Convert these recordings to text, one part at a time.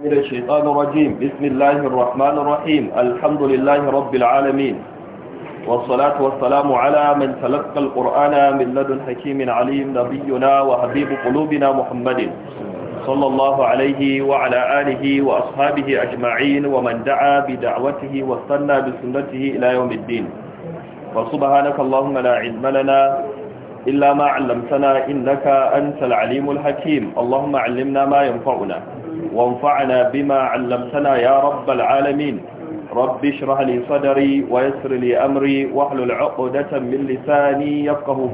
من الشيطان الرجيم بسم الله الرحمن الرحيم الحمد لله رب العالمين والصلاة والسلام على من تلقى القرآن من لدن حكيم عليم نبينا وحبيب قلوبنا محمد صلى الله عليه وعلى آله وأصحابه أجمعين ومن دعا بدعوته واستنى بسنته إلى يوم الدين وسبحانك اللهم لا علم لنا إلا ما علمتنا إنك أنت العليم الحكيم اللهم علمنا ما ينفعنا وانفعنا بما علمتنا ya رب العالمين رب اشرح لي صدري ويسر لي أمري واحلل عقدة من لساني يفقه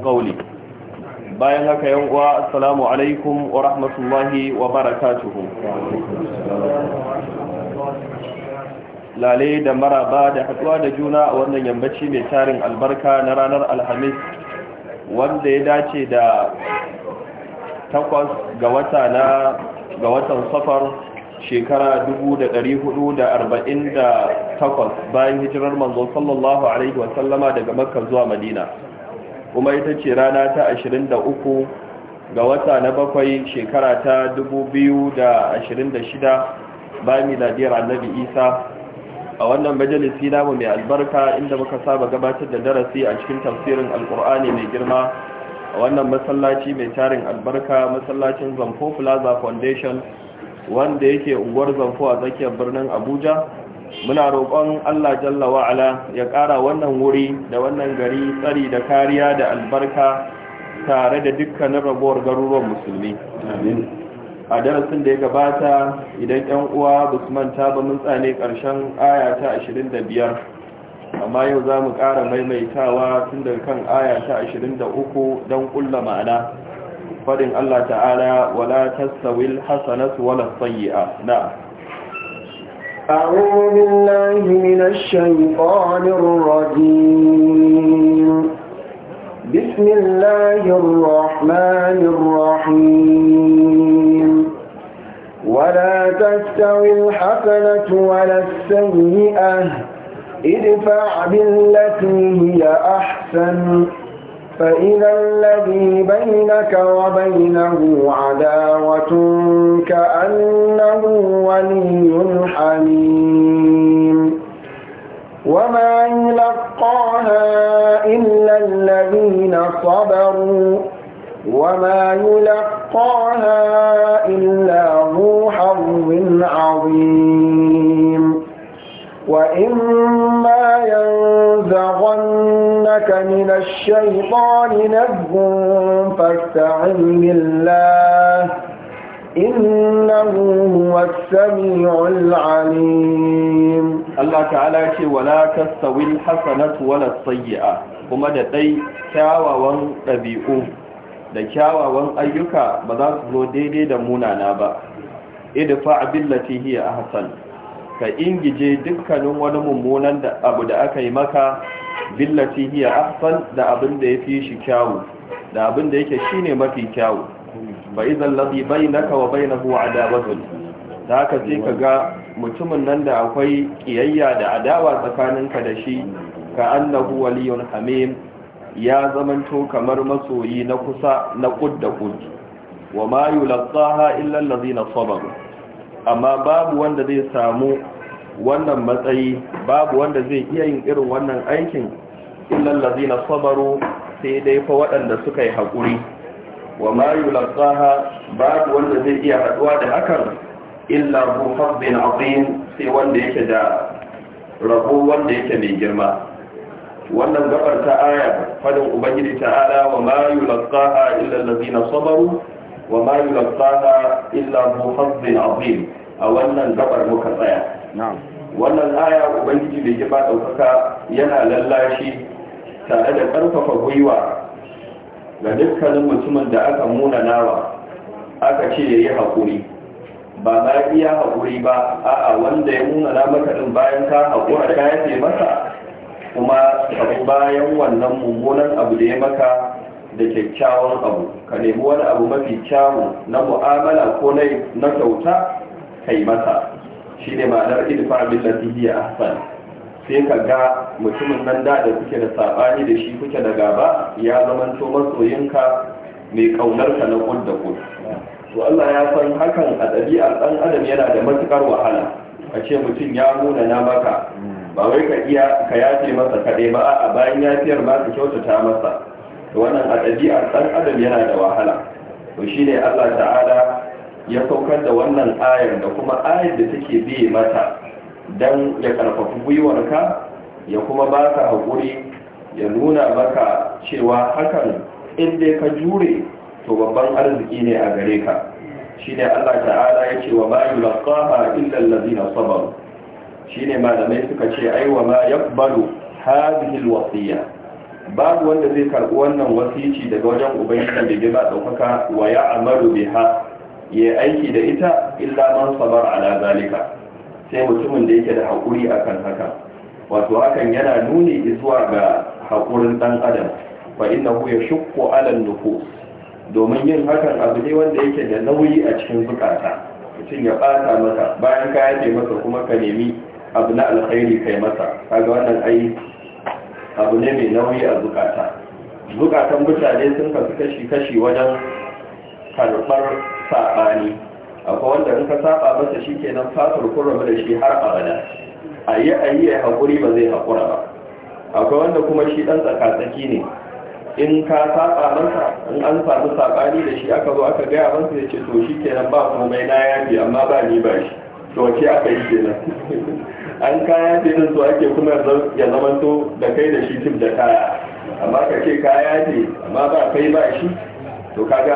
bayan haka yan uwa assalamu alaikum wa rahmatullahi wa barakatuhu lalai da maraba da haduwa da juna a wannan yammaci mai tarin albarka na ranar alhamis wanda ya dace da takwas ga wata na ga watan safar shekara 448 bayan hijirar manzo sallallahu alaihi wasallama daga makka zuwa madina kuma ita ce rana ta 23 ga wata na bakwai shekara ta 2026 bayan miladiyar annabi isa a wannan majalisi namu mai albarka inda muka saba gabatar da darasi a cikin tafsirin alkur'ani mai girma a wannan masallaci mai tarin albarka masallacin zamfo plaza foundation wanda yake unguwar zamfo a tsakiyar birnin abuja muna roƙon allah jalla wa'ala ya ƙara wannan wuri da wannan gari tsari da kariya da albarka tare da dukkanin ragowar garuruwan musulmi a darasin da ya gabata idan 'yan uwa busman ta ba mun tsane ƙarshen aya ta biyar. amma yau za mu ƙara maimaitawa tun daga kan aya ta 23 don ƙulla ma'ana faɗin Allah ta'ala wala tasawil hasanatu wala sayyi'a na أعوذ بالله من الشيطان الرجيم بسم الله الرحمن الرحيم ولا تستوي الحسنة ولا السيئة ادفع بالتي هي أحسن فإذا الذي بينك وبينه عداوة كأنه ولي حميم وما يلقاها إلا الذين صبروا وما يلقاها إلا ذو حظ عظيم وإما ينزغنك من الشيطان نزغ فاستعن بالله إنه هو السميع العليم الله تعالى ولا تستوي الحسنة ولا السيئة كما دتي كاواوان ɗabi'u da kyawawan ayyuka ba za su zo daidai da munana ba idfa billati hiya ahsan ka ingije dukkanin wani mummunan abu da aka yi maka billaci hiya ahsan da abin da fi shi kyawu da abin da yake ne mafi kyawu fa idan na bainaka wa bainahu adawatun da haka ce ka ga mutumin nan da akwai kiyayya da adawa tsakaninka da shi ka annahu waliyun hamim ya zamanto kamar masoyi na kusa na kud da kud wa ma yulqaha illa na sabaru amma babu wanda zai samu wannan matsayi babu wanda zai iya yin irin wannan aikin illal ladina sabaru sai dai fa waɗanda suka yi haƙuri wa ma yulqaha babu wanda zai iya haduwa da hakan illa hu habbin azim sai wanda yake da rabo wanda yake mai girma wannan gabar ta aya fadin ubangiji ta'ala wa mayu ma yulqaha illa allazina sabaru wa ma yulqaha illa hu hazzin azim a wannan gabar muka tsaya wannan aya ubangiji da ba daukaka yana lallashi tare da karfafa gwiwa ga dukkanin mutumin da aka muna nawa aka ce yayi hakuri ba ma iya hakuri ba a'a wanda ya muna na maka din bayan ka hakura ka yi masa kuma bayan wannan mummunan abu da ya maka da kyakkyawan abu ka nemi wani abu mafi kyawu na mu'amala ko na kyauta kai masa shi ne ma'anar ilfa billati a ahsan sai ka ga mutumin nan da da kuke da saɓani da shi kuke da gaba ya zamanto masoyinka mai kaunar ka na kudda da kud to Allah ya san hakan a ɗabi'ar ɗan adam yana da matukar wahala a ce mutum ya nuna na maka ba wai ka iya ka yafe masa kaɗai ba a bayan yafiyar ma ka kyautata masa wannan a ɗabi'ar ɗan adam yana da wahala to shi ne allah ta'ala ya saukar da wannan ayar da kuma ayar da take biye mata don ya ƙarfafi gwiwarka ya kuma ba ka haƙuri ya nuna maka cewa hakan inda ka jure to babban arziki ne a gare ka shi ne allah ta'ala ya ce wa ma yi laƙaha illa na sabon, shi ne malamai suka ce aiwa ma ya balu hazihil wasiyya babu wanda zai karɓi wannan wasici daga wajen ubangiji da ba daukaka wa ya amalu biha ya aiki da ita illa man sabar ala zalika sai mutumin da yake da haƙuri akan haka wato hakan yana nuni zuwa ga hakurin dan adam fa innahu yashqu ala nufus domin yin hakan abu ne wanda yake da nauyi a cikin zukata mutum ya ɓata masa bayan ka yake masa kuma ka nemi abu na alkhairi kai masa kaga wannan ai abu ne mai nauyi a zukata zukatan mutane sun kasu kashi-kashi wajen karɓar saɓani akwai wanda in ka saba masa shi kenan fatar kurrama da shi har abada a yi a yi haƙuri ba zai haƙura ba akwai wanda kuma shi ɗan tsakatsaki ne in ka saba masa in an samu saɓani da shi aka zo aka gaya masa ya ce to shi kenan ba komai na yafi amma ba ni ba shi to ce aka yi kenan an kaya ce ake kuma ya zamanto da kai da shi tim da kaya amma ka ce kaya ce amma ba kai ba shi to kaga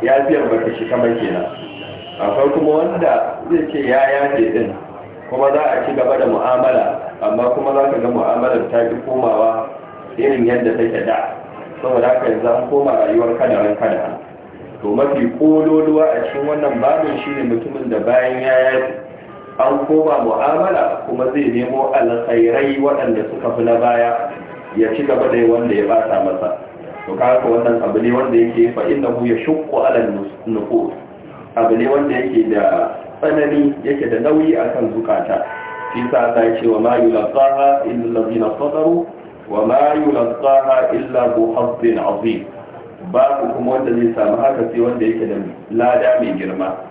ya biyar ka shi kamar kenan akwai kuma wanda zai ce ya ya ce din kuma za a ci gaba da mu'amala amma kuma za ka ga mu'amalar ta fi komawa irin yadda take da saboda haka yanzu an koma rayuwar kadaran kada to mafi kololuwa a cikin wannan babin shine mutumin da bayan ya an koma mu'amala kuma zai nemo alkhairai waɗanda suka fi na baya ya ci gaba da wanda ya bata masa to kaga wannan abu ne wanda yake fa innahu yashqu ala nufus abu ne wanda yake da tsanani yake da nauyi akan zukata shi sa ta ce wa ma yulqaha illa allazina wa ma yulqaha illa bu hazzin azim babu kuma wanda zai samu haka sai wanda yake da lada mai girma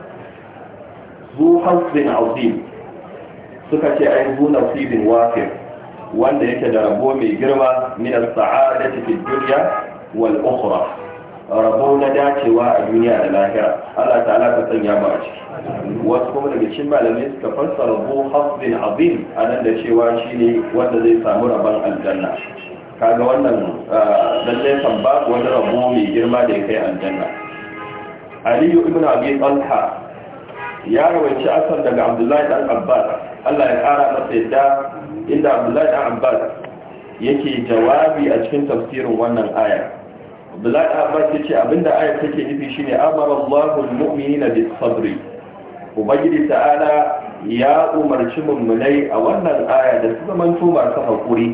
zu hasbin suka ce ai zu nasibin wafir wanda yake da rabo mai girma min as-sa'adati fid dunya wal ukhra rabo na dacewa a duniya da lahira Allah ta'ala ka sanya mu a ciki wasu kuma daga cikin malamai suka fassara zu hasbin azim anan da cewa shine wanda zai samu rabon aljanna kaga wannan lallai san babu wani rabo mai girma da ya kai aljanna aliyu ibn abi talha ya rawaici asal daga abdullahi dan abbas allah ya kara masa yadda inda abdullahi dan abbas yake jawabi a cikin tafsirin wannan aya abdullahi dan abbas ya ce abinda aya take nufi shine amara allahu almu'minina bis sabri ubangiji ta'ala ya umarci mummunai a wannan aya da su zaman tuma masu hakuri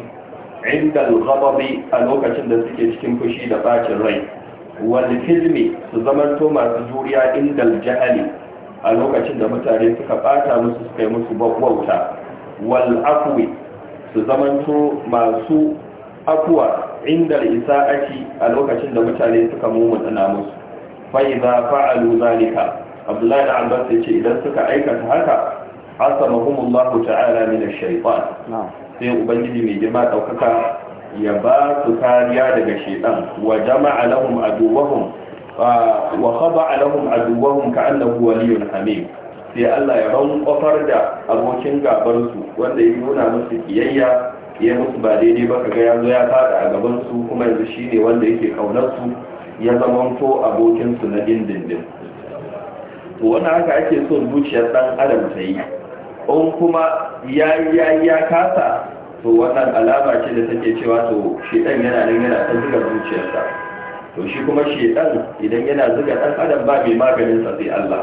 inda al-ghadabi a lokacin da suke cikin fushi da bacin rai wal hizmi su zaman to masu juriya inda al-jahali a lokacin da mutane suka bata musu suka yi musu wauta wal afwi su zamanto masu afuwa inda ake a lokacin da mutane suka mumutsana musu fa idza fa'alu zalika abdullahi da abbas yace idan suka aikata haka asamahumullahu ta'ala ne da shaytan sai ubangiji mai girma daukaka ya ba su kariya daga shaytan wa jama'a lahum aduwahum wa khada'a lahum aduwwahum ka'annahu waliyyun hamim sai Allah ya rankwafar da abokin gabansu wanda ya nuna musu kiyayya ya musu ba daidai ba kaga ya zo ya fada a gabansu kuma yanzu shi ne wanda yake kaunarsu ya zama abokin abokinsu na dindindin to wannan haka ake so zuciyar dan adam ta yi in kuma ya ya ya kasa to wannan alama ce da take cewa to shi dan yana nan yana ta zuciyarsa to shi kuma shedan idan yana zuga dan adam ba mai maganin sa sai Allah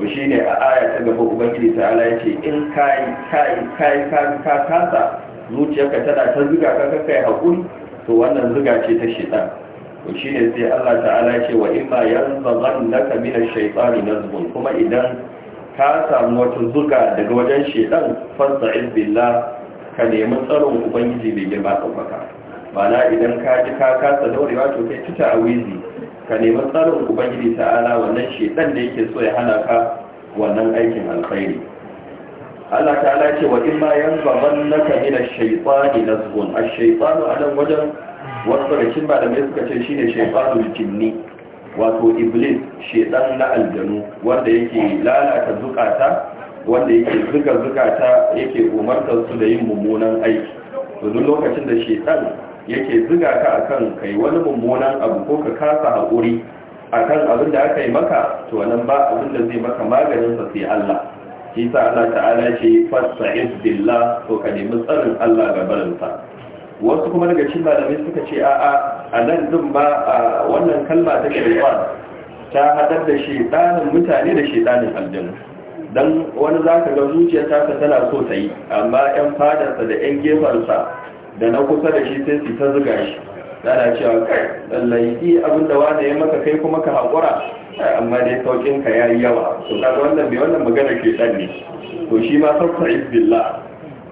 to shine a aya ta gaba ubangiji ta Allah yace in kai kai kai ka ka kasa zuciyarka tana ta zuga ka kai hakuri to wannan zuga ce ta shedan to shine sai Allah ta'ala yace wa imma yanzaghannaka min ash-shaytani nazbun kuma idan ka samu wata zuga daga wajen shedan fasta'iz billah ka nemi tsaron ubangiji mai girma ɗaukaka mana idan ka ji ka kasa daurewa to kai a wizi ka nemi tsarin ubangiji ta'ala wannan shedan da yake so ya hana ka wannan aikin alkhairi Allah ta'ala ce wa in ma yanzaghannaka min ash-shaytani nazghun ash-shaytanu ala wajen wasu rikin ba da mai suka ce shine shaytanu jinni wato iblis shedan na aljanu wanda yake lalata zukata wanda yake zuga zukata yake umarta su da yin mummunan aiki duk lokacin da shedan yake ziga ka akan kai wani mummunan abu ko ka kasa haƙuri akan abin da aka yi maka to nan ba abin da zai maka maganin sa sai Allah shi sa Allah ta'ala ce fasta'id billah to ka nemi tsarin Allah ga barinsa wasu kuma daga cikin malamai suka ce a'a a nan din ba a wannan kalma ta shaytan ta hadar da shaytanin mutane da shaytanin aljanna dan wani zaka ga ta tana so ta yi amma yan fadarsa da yan gefarsa da na kusa da shi sai ta zuga shi dana cewa kai lallai yi abin da ya maka kai kuma ka haƙura amma dai saukin ka yayi yawa to kaga wannan bai wannan magana ke dan ne to shi ma sauka billah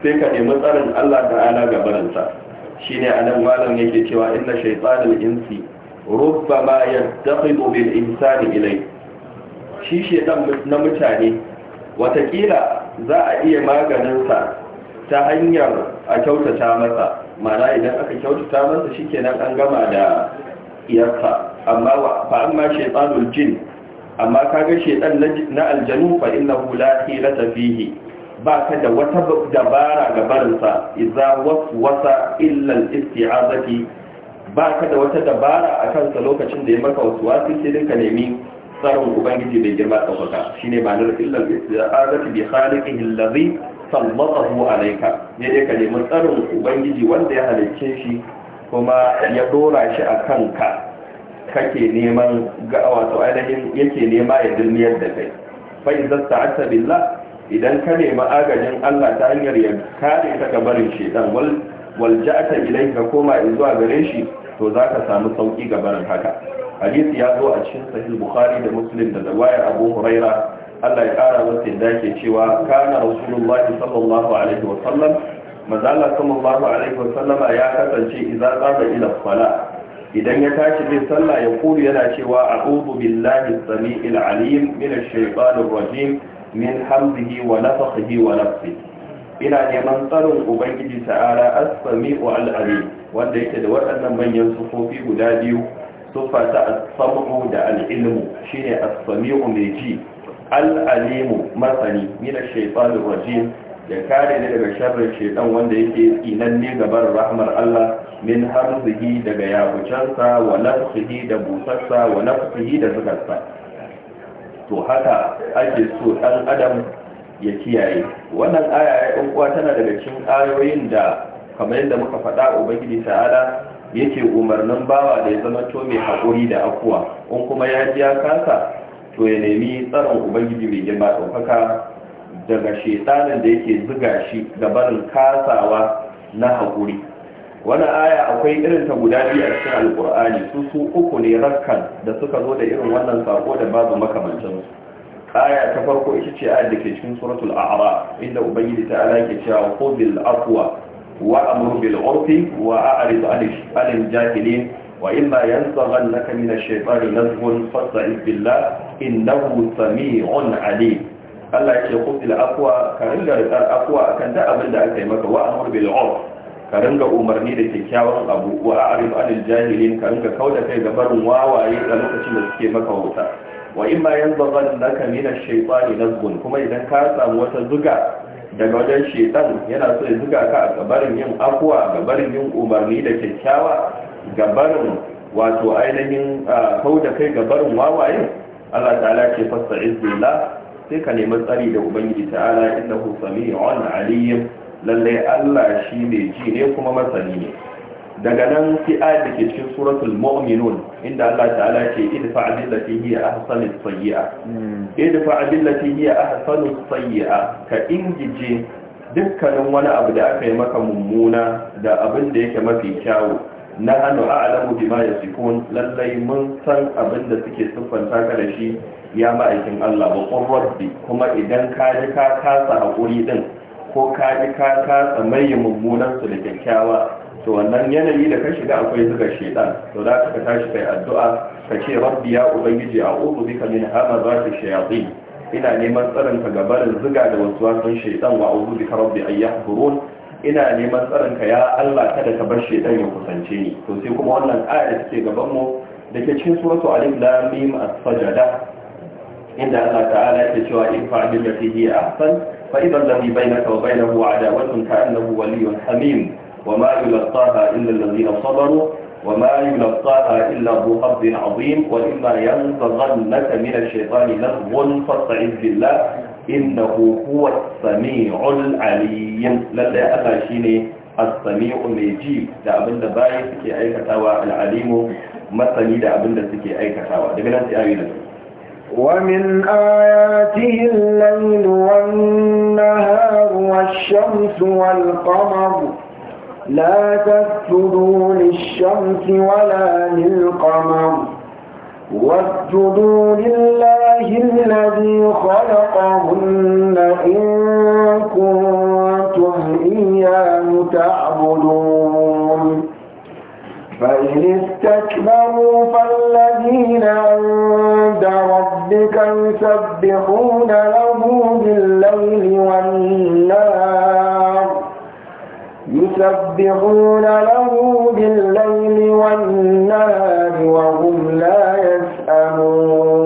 sai ka nemi tsarin Allah ta'ala ga barinsa shine anan malam yake cewa inna shaytanul insi ma yattaqidu bil insani ilai shi shedan na mutane watakila za a iya maganinsa ta hanyar a kyautata masa mana idan aka kyautata masa shikenan an gama da iyarsa amma fa amma shaytanul jin amma kaga shaytan na aljanu fa hula la hilata fihi ba ka da wata dabara ga barinsa idza waswasa illa al-isti'azati ba ka da wata dabara a kansa lokacin da ya maka wasu wasu sai nemi tsarin ubangiji bai girma ɗaukaka shine ma'anar illar istiazati bi khaliqihi allazi sallatahu alayka ya dai ka nemi tsarin ubangiji wanda ya halicce shi kuma ya dora shi a kanka kake neman ga wato ainihin yake nema ya dilmiyar da kai fa idza idan ka nema agajin Allah ta hanyar ya kare ka gabarin shedan waljata ilai ka koma in zuwa gare shi to za ka samu sauki gabarin haka hadisi ya zo a cikin sahih bukhari da muslim da riwayar abu huraira Allah ya kara masa da yake cewa kana rasulullahi sallallahu alaihi wa sallam mazalla sallallahu alaihi wa sallama ya kasance idza qama ila sala idan ya tashi bin sallah ya kuri yana cewa a'udhu billahi samiil alim min ash-shaytanir rajim min hamdihi wa nafthihi wa nafthihi ina neman tsarin ubangiji ta'ala as-sami'u al-alim wanda yake da waɗannan manyan sufofi guda biyu sufata ta samu da al-ilmu shine as-sami'u mai ji al-alimu masani min ash-shaytanir rajim ya kare ne daga sharrin shaytan wanda yake tsinanne gaban rahmar Allah min harzihi daga yakucansa wa nafsihi da busarsa wa nafsihi da zukarsa to haka ake so dan adam ya kiyaye wannan aya ya tana daga cikin ayoyin da kamar yadda muka faɗa ubangiji ta'ala yake umarnin bawa da ya zama to mai haƙuri da afuwa, in kuma ya ji ya kasa to ya nemi tsaron ubangiji mai girma ɗaukaka daga shetanin da yake ziga shi ga barin kasawa na haƙuri wani aya akwai irin ta guda biyu a cikin alƙur'ani su su uku ne rakkan da suka zo da irin wannan sako da babu makamancin aya ta farko ita ce a da ke cikin suratul a'ra inda ubangiji ta'ala ke cewa khudil aqwa وأمر بالعرف وأعرض عن الجاهلين وإما ينزغنك من الشيطان نزغ فاستعذ بالله إنه سميع عليم Allah ya ce kusil akwa ka ringa rikar akwa a kan abin da aka yi maka wa amur bil urf ka ringa umarni da kyakkyawan abu wa a a'rif anil jahilin ka ringa da kai ga barin wawaye a lokacin da suke maka wuta wa in imma yanzaghannaka min ash-shaytani nazghun kuma idan ka samu wata zuga daga wajen shaitan yana so ya zuga ka a gabarin yin afuwa gabarin yin umarni da kyakkyawa gabarin wato ainihin kau da kai gabarin wawaye Allah ta'ala ce fasta iznillah sai ka nemi tsari da ubangiji ta'ala innahu sami'un aliyin lallai Allah shi ne ji ne kuma masani ne daga nan fi ayat da ke cikin suratul mu'minun inda Allah ta'ala ce idfa billati hiya ahsanu sayyi'a hmm. idfa billati hiya ahsanu sayyi'a ka ingije dukkanin wani abu da aka yi maka mummuna da abin da yake mafi kyawu na hannu a alamu bima ya sifon lallai mun san abin da suke siffanta ka da shi ya ma'aikin Allah ba rabbi kuma idan ka ji ka kasa haƙuri din ko ka ji ka kasa mai mummunan su da kyakkyawa to wannan yanayi da ka shiga akwai zuga shaitan to za ka tashi kai addu'a ka ce rabbi ya ubangiji a uku bika min hamazati shayatin ina neman tsaron ka gabarin zuga da wasu wasan shaitan wa uku bika rabbi ayyahburun ina neman tsaron ka ya Allah kada ka bar shaitan ya kusance ni to sai kuma wannan aya da take gaban mu da ke cikin suratu alif lam mim as-sajada inda Allah ta'ala yake cewa in fa'abil lati hi ahsan fa idan a bainaka wa bainahu adawatun ka'annahu waliyyun hamim وما يلقاها إلا الذين صبروا وما يلقاها إلا ذو حظ عظيم وإما ينزغنك من الشيطان لغو فاستعذ بالله إنه هو السميع العليم لدي ألا شيني السميع المجيب da abin da bayan suke aikatawa al'alimu masani da abin da suke aikatawa daga nan sai da ومن آياته الليل والنهار والشمس والقمر لا تسجدوا للشمس ولا للقمر واسجدوا لله الذي خلقهن إن كنتم إياه تعبدون فإن استكبروا فالذين عند ربك يسبحون له بالليل والنهار يسبحون له بالليل والنهار وهم لا يسأمون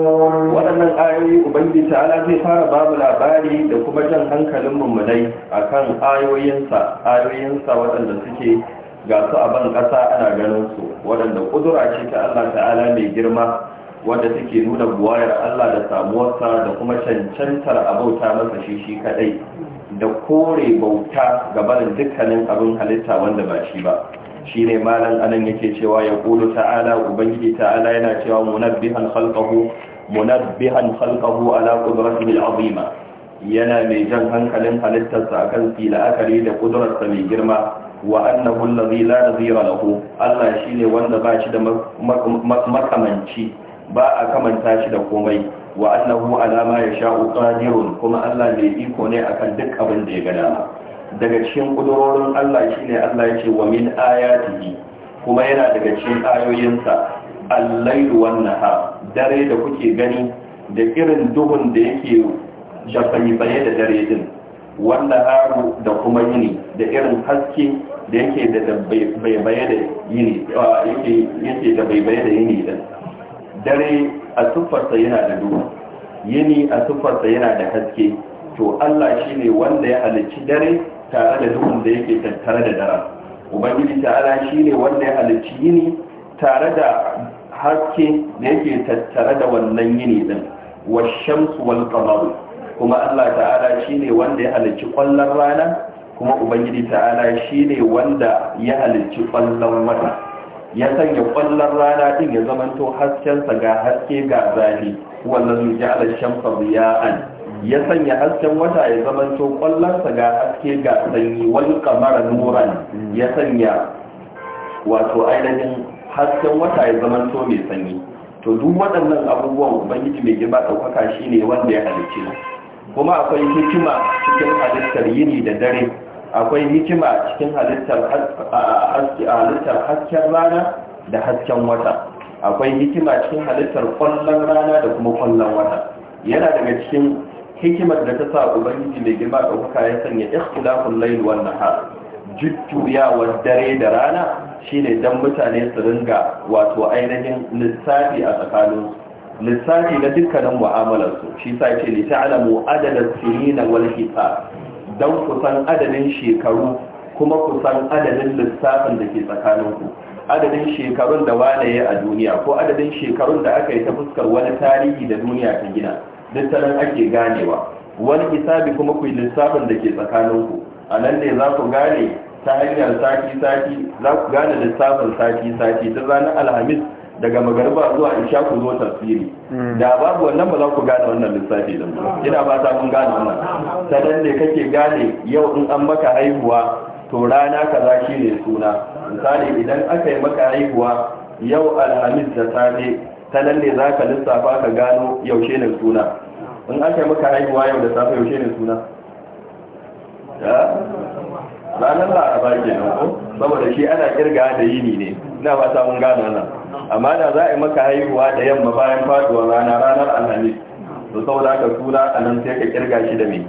waɗannan ayoyi ubangiji ta'ala zai fara babu labari da kuma jan hankalin أكان kan ayoyinsa ayoyinsa waɗanda suke ga su a ban ƙasa ana ganin su waɗanda ƙudura ce ta Allah ta'ala mai girma wanda take nuna buwayar Allah da samuwarsa da kuma cancantar abauta masa shi shi kaɗai da kore bauta ga barin dukkanin abin halitta wanda ba shi ba shi ne malam anan yake cewa ya kulu ta'ala ubangiji ta'ala yana cewa munabbihan khalqahu munabbihan khalqahu ala qudratihi al'azima yana mai jan hankalin halittarsa akan la'akari da kudurarsa mai girma wa annahu allazi la nazira lahu Allah shine wanda ba shi da makamanci ba a kamanta shi da komai wa annahu ala ma yasha'u qadirun kuma Allah ne iko ne akan duk abin da ya gada dama daga cikin kudurorin Allah shine Allah yake wa min ayatihi kuma yana daga cikin ayoyinsa al-layl wan nahar dare da kuke gani da irin duhun da yake da bayyane da dare din wan nahar da kuma yini da irin haske da yake da baibaye da yini yake da da yini din dare a siffarsa yana da duhu yini a siffarsa yana da haske to Allah shine wanda ya halicci dare tare da duhun da yake tattare da dara ubangiji ta'ala shine wanda ya halicci yini tare da haske da yake tattare da wannan yini din washamsu wal qamar kuma Allah ta'ala shine wanda ya halicci kwallon rana kuma ubangiji ta'ala shine wanda ya halicci kwallon wata ya sanya kwallon rana din ya zamanto haskensa ga haske ga zali wannan ji ala shamsa riya'an ya sanya hasken wata ya zamanto kwallonsa ga haske ga sanyi wal qamara nuran ya sanya wato ainihin hasken wata ya zamanto mai sanyi to duk waɗannan abubuwan ubangiji mai girma ɗaukaka shine wanda ya halicce kuma akwai hikima cikin halittar yini da dare akwai hikima cikin halittar hasken rana da hasken wata akwai hikima cikin halittar kwallon rana da kuma kwallon wata yana daga cikin hikimar da ta sa ubangiji mai girma kuka ya sanya ikhtilafun layl wan nahar jujjuyawar dare da rana shine dan mutane su ringa wato ainihin lissafi a tsakanin lissafi na dukkanin mu'amalarsu shi sa ce ta alamu adada sinina wal hisab don kusan adadin shekaru kuma kusan adadin lissafin da ke tsakaninku adadin shekarun da wane ya a duniya ko adadin shekarun da aka yi ta fuskar wani tarihi da duniya ta gina duk ake ganewa wani hisabi kuma ku lissafin da ke tsakaninku a nan ne za ku gane ta hanyar sati-sati za ku gane lissafin sati-sati ta ranar alhamis daga magariba zuwa isha ku zo tafsiri hmm. da babu wannan ba za ku gane wannan lissafi din hmm. ina ba ta mun gane wannan dan ne kake gane yau in an maka haihuwa to rana kaza shine suna misali idan aka yi maka haihuwa yau alhamis da safe nan ne za ka lissafa ka gano yaushe ne suna in aka yi maka haihuwa yau da safe yaushe ne suna eh? ranar laraba ke nan ko saboda shi ana kirga da yini ne ina ba ta mun gane wannan amma da za a yi maka haihuwa da yamma bayan faduwar rana ranar alhamis to saboda ka suna a nan sai ka kirga shi da mai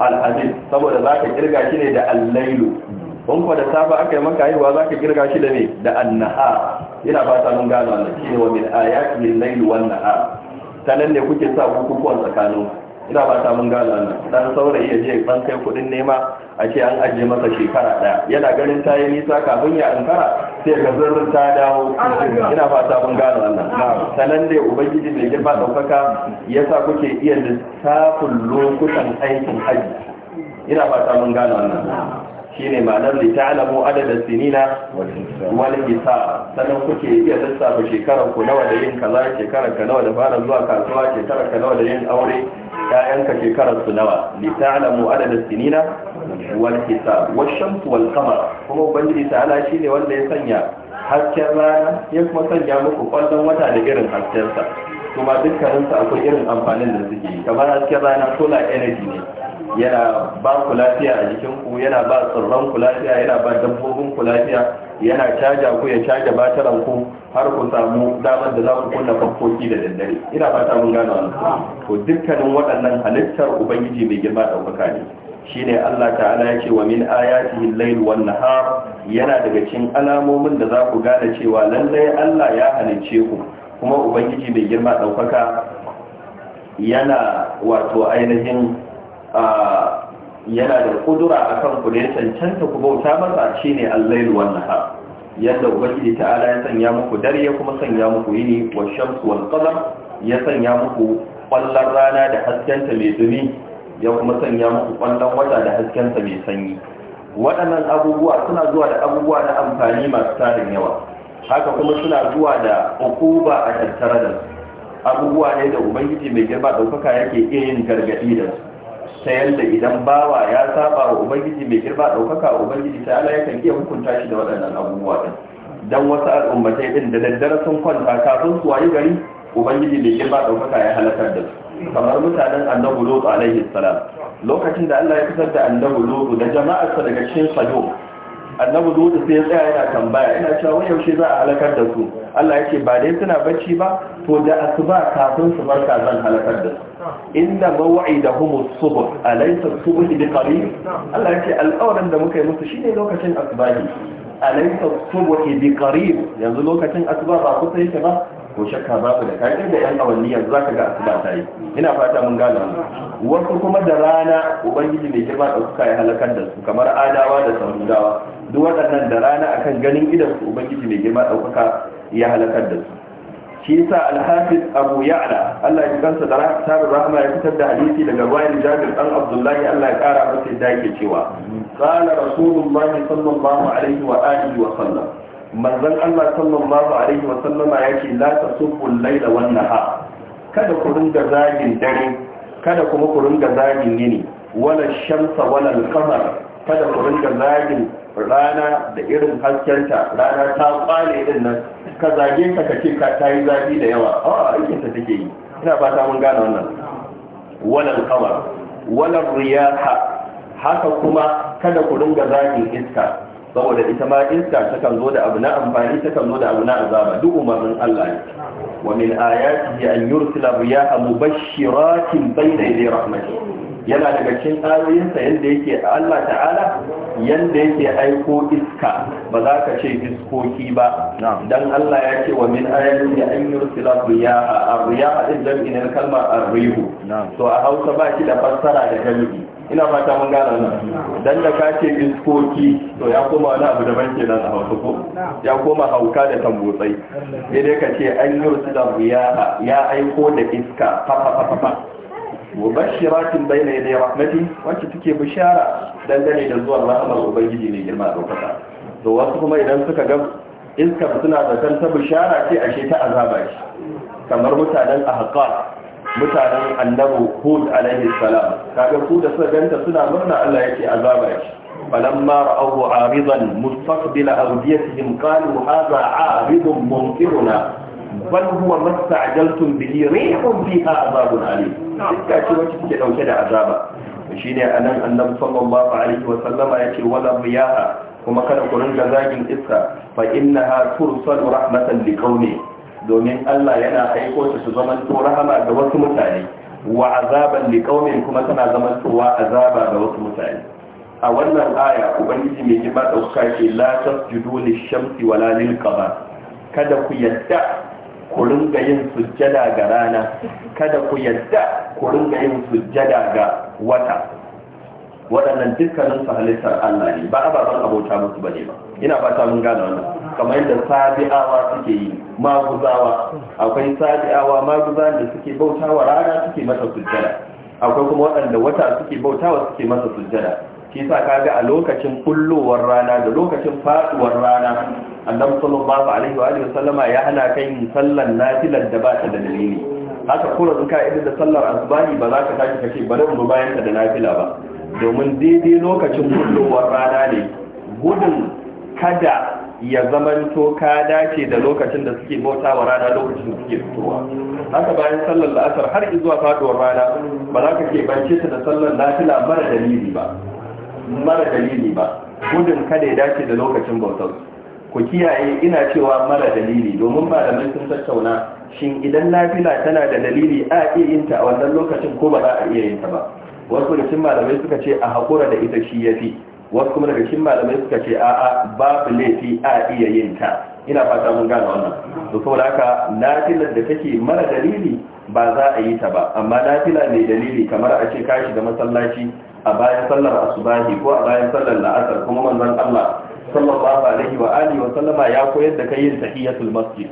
alhamis saboda za ka kirga shi ne da allailu kun kwa da safa aka yi maka haihuwa za ka kirga shi da mai da annaha ina ba ta mun gano wannan shi ne wa min ayati min lailu wan nahar sanan ne kuke sa bukukuwan tsakanin ina ba ta mun gane dan saurayi ya je ban kai kudin nema a ce an ajiye masa shekara daya yana ganin ta yi nisa kafin ya ankara sai ga zurrin ta dawo ina ba ta mun wannan sanan dai ubangiji mai girma daukaka yasa kuke iya lissafin lokutan aikin haji ina ba ta mun wannan shine ma'anar li ta'lamu adada sinina wani hisab sannan kuke iya lissafa shekarar ku nawa da yin kaza shekarar ka nawa da fara zuwa kasuwa shekarar ka nawa da yin aure ƴaƴanka shekarar su nawa li ta'lamu adada sinina wani hisab wal shams wal kuma ubangiji ta'ala shine wanda ya sanya hasken rana ya kuma sanya muku kwallon wata da irin haskensa kuma dukkaninsa akwai irin amfanin da suke kamar hasken rana solar energy ne yana ba ku lafiya a jikinku yana ba tsirran ku lafiya yana ba dabbobin ku lafiya yana caja ku ya caja bataran ku har ku samu damar da za ku kunna fakkoki da daddare ina ba ta mun gano wannan to dukkanin waɗannan halittar ubangiji mai girma ɗaukaka ne shine Allah ta'ala ya ce wa min ayatihi al-layl wan nahar yana daga cikin alamomin da za ku gane cewa lallai Allah ya halicce ku kuma ubangiji mai girma ɗaukaka yana wato ainihin yana da kudura a kan ku ne cancanta ku bauta masa shi ne allailu wannan ha yadda ubangiji ta'ala ya sanya muku dare ya kuma sanya muku yini wa shamsu wal qamar ya sanya muku kwallon rana da haskenta mai dumi ya kuma sanya muku kwallon wata da haskenta mai sanyi waɗannan abubuwa suna zuwa da abubuwa na amfani masu tarin yawa haka kuma suna zuwa da ukuba a tattare da su abubuwa ne da ubangiji mai girma ɗaukaka yake iya yin gargaɗi da su ta yadda idan bawa ya saba wa ubangiji mai girma ɗaukaka ubangiji ta ala yakan iya hukunta shi da waɗannan abubuwa ɗin don wasu al'ummatai ɗin da daddare sun kwanta kafin su wayi gari ubangiji mai girma daukaka ya halakar da su kamar mutanen annabu lutu alaihi salam lokacin da allah ya fitar da annabu lutu da jama'arsa daga cikin sado annabu lutu sai ya tsaya yana tambaya ina cewa wani yaushe za a halakar da su Allah ya ce ba dai suna bacci ba to da asuba kafin su barka zan halakar da su inda mawai da humus a alaysa subuh ibi qarib Allah ya ce al'auran da muka yi musu ne lokacin asuba ne alaysa subuh ibi qarib yanzu lokacin asuba ba kusa yake ba ko shakka babu da kai da yan awanni yanzu ka ga asuba ta yi ina fata mun gane wasu kuma da rana ubangiji mai girma da suka yi halakar da su kamar adawa da sauran duk waɗannan da rana akan ganin idan su ubangiji mai girma ɗaukaka ya halakar da su shi yasa al-hafiz abu ya'la Allah ya kansa da rahmatar rahma ya fitar da hadisi daga bayan Jabir dan Abdullahi Allah ya kara masa da yake cewa qala rasulullah sallallahu alaihi wa alihi wa sallam manzon Allah sallallahu alaihi wa sallama yake la tasubbu al-laila wan nahar kada ku ringa zagin dare kada kuma ku ringa zagin yini wala shamsa wala al-qamar kada ku ringa zagin rana da irin haskenta rana ta kwale din nan ka zage ka ka ce ka ta yi zafi da yawa a aikin ta take yi ina fata mun gane wannan walan kamar walan riyaha haka kuma kada ku dinga zagin iska saboda ita ma iska takan zo da abu na amfani takan zo da abu na azaba duk umarnin Allah ne wa min ayatihi an yursila riyaha mubashshiratin bayna yaday rahmatihi yana daga cikin ayoyinsa yadda yake Allah ta'ala yadda yake aiko iska ba za ka ce iskoki ba dan Allah ya ce wa min ayati an yursila riyaha ar-riyaha din jam'in kalmar ar-rihu to a Hausa ba shi da fassara da galibi. ina fata mun gane nan dan da ka ce iskoki to ya koma wani abu daban ke nan a Hausa ko ya koma hauka da tambotsai sai dai ka ce an yursila riyaha ya aiko da iska fa fa fa fa mubashiratin bayna yaday rahmati wacce take bishara dangane da zuwan rahmar ubangiji mai girma da kasa to wasu kuma idan suka ga iska suna zaton ta bishara ce ashe ta azaba shi kamar mutanen ahqaf mutanen annabi hud alaihi salam kaga ku da suka ganta suna murna Allah yake azaba shi falamma ra'ahu aridan mustaqbila awdiyatihim qalu hadha aridun mumtiruna bal huwa mastajaltum bihi rihun fiha azabun alim dukka ce wacce take dauke da azaba shine anan annabi sallallahu alaihi wa sallama yace wala biyaha kuma kada ku rinka zagin iska fa innaha tursalu rahmatan liqaumi domin Allah yana aiko ta su zaman to rahama ga wasu mutane wa azaban liqaumin kuma tana zaman towa azaba ga wasu mutane a wannan aya ubangiji mai jima dauka ce la tasjudu shamsi wala lil kada ku yadda ku ringa yin sujjada ga rana kada ku yadda ku ringa yin sujjada ga wata waɗannan dukkanin su halittar Allah ne ba ababen abota musu bane ba ina fata mun gane wannan kamar yadda sabi'awa suke yi maguzawa akwai sabi'awa maguza da suke bautawa rana suke masa sujjada akwai kuma waɗanda wata suke bautawa suke masa sujjada shi sa kaga a lokacin kullowar rana da lokacin faduwar rana annabi sallallahu alaihi wa sallama ya hana kai sallan nafilar da ba ta da dalili haka kura in ka idan da sallar asbani ba za ka tashi kace bari mu bayan ta da nafila ba domin daidai lokacin kullowar rana ne gudun kada ya to ka dace da lokacin da suke bauta wa rana lokacin da suke fitowa haka bayan sallar la'asar har zuwa faduwar rana ba za ka ke bance ta da sallar nafila mara dalili ba mara dalili ba gudun kada ya dace da lokacin bautar ku kiyaye ina cewa mara dalili domin malamai sun tattauna shin idan lafila tana da dalili a iya yin ta a wannan lokacin ko ba za a iya yin ta ba wasu da malamai suka ce a haƙura da ita shi ya fi, wasu kuma daga cikin malamai suka ce a'a babu laifi a iya yin ta ina fata mun gane wannan to saboda haka nafilar da take mara dalili ba za a yi ta ba amma lafila mai dalili kamar a ce ka shiga masallaci a bayan sallar asubahi ko a bayan sallar la'asar kuma manzon Allah sallallahu alaihi wa alihi wa sallama ya koyar da kai yin tahiyatul masjid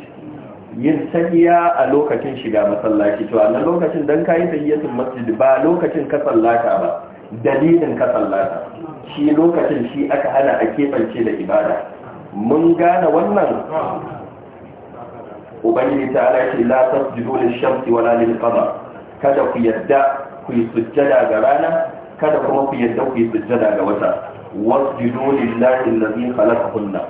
yin tahiya a lokacin shiga masallaci to a lokacin dan kai tahiyatul masjid ba lokacin ka sallata ba dalilin ka sallata shi lokacin shi aka hana a kebance da ibada mun gane wannan ubangiji ta ala ce la tasjudu lish-shamsi wala lil-qamar kada ku yadda ku yi sujjada ga rana kada kuma ku yadda ku yi sujjada ga wata wasjudu lillahi allazi khalaqahunna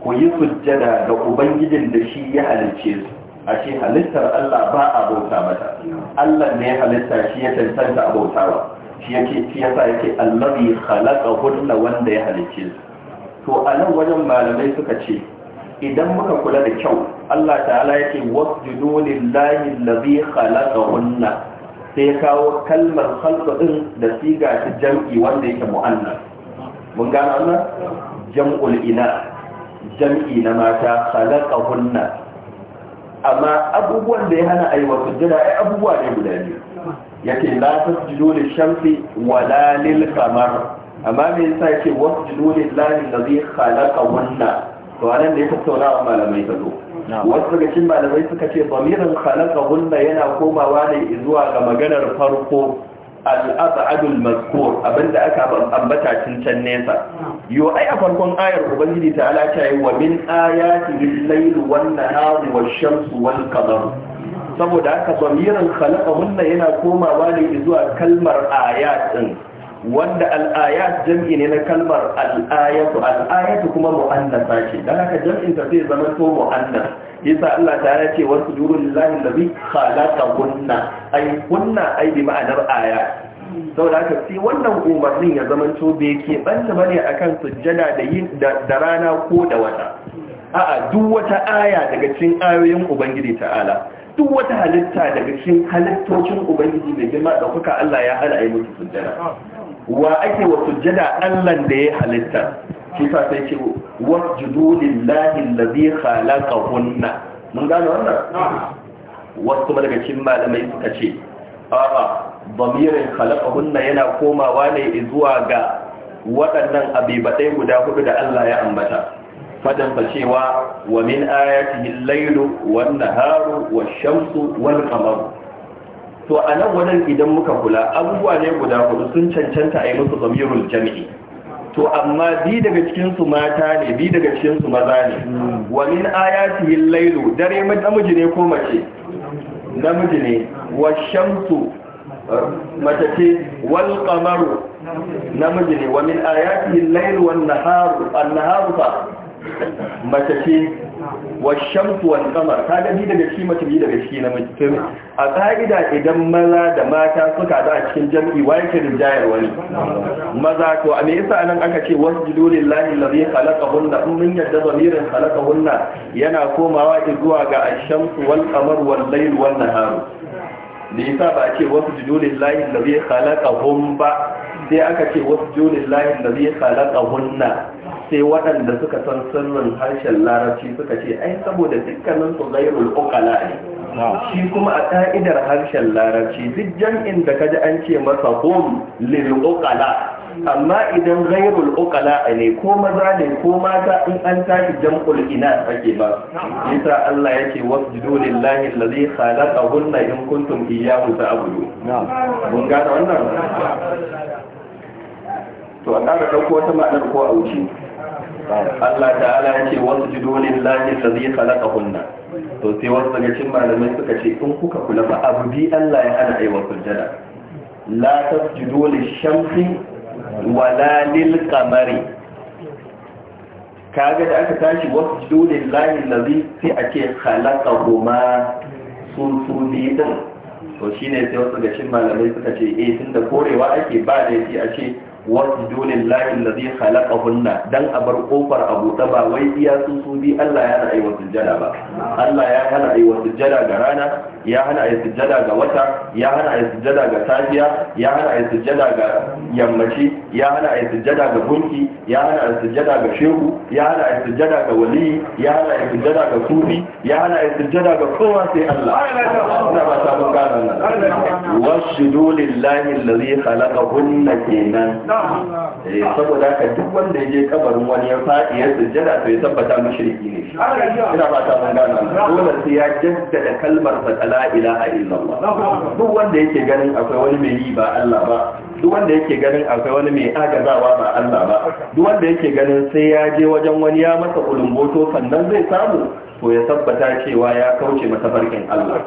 ku yi sujjada ga ubangijin da shi ya halicce su ashe halittar Allah ba a bauta mata Allah ne ya halitta shi ya tantance a bautawa shi yake shi yasa yake allazi khalaqahunna wanda ya halicce su to a nan wajen malamai suka ce idan muka kula da kyau Allah ta'ala yake wasjudu lillahi allazi khalaqahunna sai ya kawo kalmar halka din da siga ta jam'i wanda yake mu'annas mun gano wannan jam'ul ina jam'i na mata khalaqahunna amma abubuwan da ya hana a yi wa ai abubuwa ne guda biyu yake la tasjudu lishamsi wala lil qamar amma me yasa yake wasjudu lillahi allazi khalaqahunna to anan ne tattaunawa malamai ta zo wasu daga cikin malamai suka ce bamirin khalaqahunna yana komawa ne zuwa ga maganar farko al'abadul mazkur abinda aka ambata tun can nesa yo ai a farkon ayar ubangiji ta ala ta yi wa min ayati lil-layli wan-nahari wash-shamsi wal-qamar saboda haka bamirin khalaqahunna yana komawa ne zuwa kalmar ayat din wanda al'ayat jam'i ne na kalmar al'ayatu al'ayatu kuma mu'annasa ce dan haka jam'inta zai zamanto zama to mu'annas yasa Allah ta ya ce wasu jurul lillahi allazi khalaqahunna ay kunna ay bi ma'anar aya saboda haka sai wannan umarnin ya zama to bai ke banta bane akan sujjada da yin da rana ko da wata a'a duk wata aya daga cikin ayoyin ubangiji ta'ala duk wata halitta daga cikin halittocin ubangiji mai girma da kuka Allah ya hana yi musu sujjada wa ake wa sujjada allan da ya halitta shi sa sai ce wasjudu lillahi allazi khalaqahunna mun gane wannan wasu kuma daga cikin malamai suka ce a'a damirin khalaqahunna yana komawa ne zuwa ga waɗannan baɗai guda hudu da Allah ya ambata fadan fashewa, wa min ayatihi al-lailu wan-naharu wash-shamsu wal-qamaru to a nan wajen idan muka kula abubuwa ne guda kudu sun cancanta a yi musu zamirul jami'i to amma bi daga cikin su mata ne bi daga cikin su maza ne wa min ayatihi lailu dare namiji ne ko mace namiji ne wa shamsu mace ce wal qamaru namiji ne wa min ayatihi lailu wan naharu an naharu fa mace ce washamtu wal ta ka gani daga shi mace bi daga shi namiji a ƙa'ida idan maza da mata suka za a cikin jam'i wa yake rijayar wani maza to a me yasa nan aka ce wasu lahi lari alladhi hunna in min yadda zamirin hunna yana komawa zuwa ga ash kamar wal qamar wal layl wan nahar sa ba a ce wasjudu lillahi alladhi khalaqahum ba sai aka ce wasjudu lillahi alladhi khalaqahunna sai waɗanda suka san sirrin harshen larabci suka ce ai saboda dukkanin su gairul ukala ne shi kuma a ka'idar harshen larabci duk jam'in da kaji an ce masa hum lil ukala amma idan gairul ukala ne ko maza ne ko mata in an tashi jam'ul ina ake ba yasa Allah yake wasjudu lillahi allazi khalaqahunna in kuntum iyyahu ta'budu mun gane wannan to a ƙara ɗauko wata ma'anar ko a wuce Allah ta'ala ya ce wasu ji dole lafi ta zai halaka hunna to sai wasu daga cin malamai suka ce in kuka kula ba abu bi Allah ya hana aiwa sujjada la tasjudu lishamsi wala lil kamari kaga da aka tashi wasu dole lahi zai sai a ce halaka goma sun suni ne din to shine sai wasu ga cin malamai suka ce eh tunda korewa ake ba da yake a ce wasu junin lakin da zai halaka hunna don a bar kofar a buɗe ba wai iya sun su bi Allah ya hana aiwa sujjada ba Allah ya hana aiwa sujjada ga rana ya hana a yi sujjada ga wata ya hana a yi sujjada ga safiya ya hana a yi sujjada ga yammaci ya hana a yi sujjada ga gunki ya hana a yi sujjada ga shehu ya hana a yi sujjada ga wali ya hana a yi sujjada ga sufi ya hana a yi sujjada ga kowa sai Allah ina ba ta mun gano nan dole wasjudu lillahi allazi khalaqahunna kenan eh, saboda haka duk wanda ya je kabarin wani ya faɗi ya sujjada to ya tabbata mushriki ne ina ba ta mun nan. dole sai ya jaddada kalmar fatala la ilaha illallah duk wanda yake ganin akwai wani mai yi ba Allah ba duk wanda yake ganin akwai wani mai agazawa ba Allah ba duk wanda yake ganin sai ya je wajen wani ya masa ulumboto sannan zai samu to ya tabbata cewa ya kauce masa barkin Allah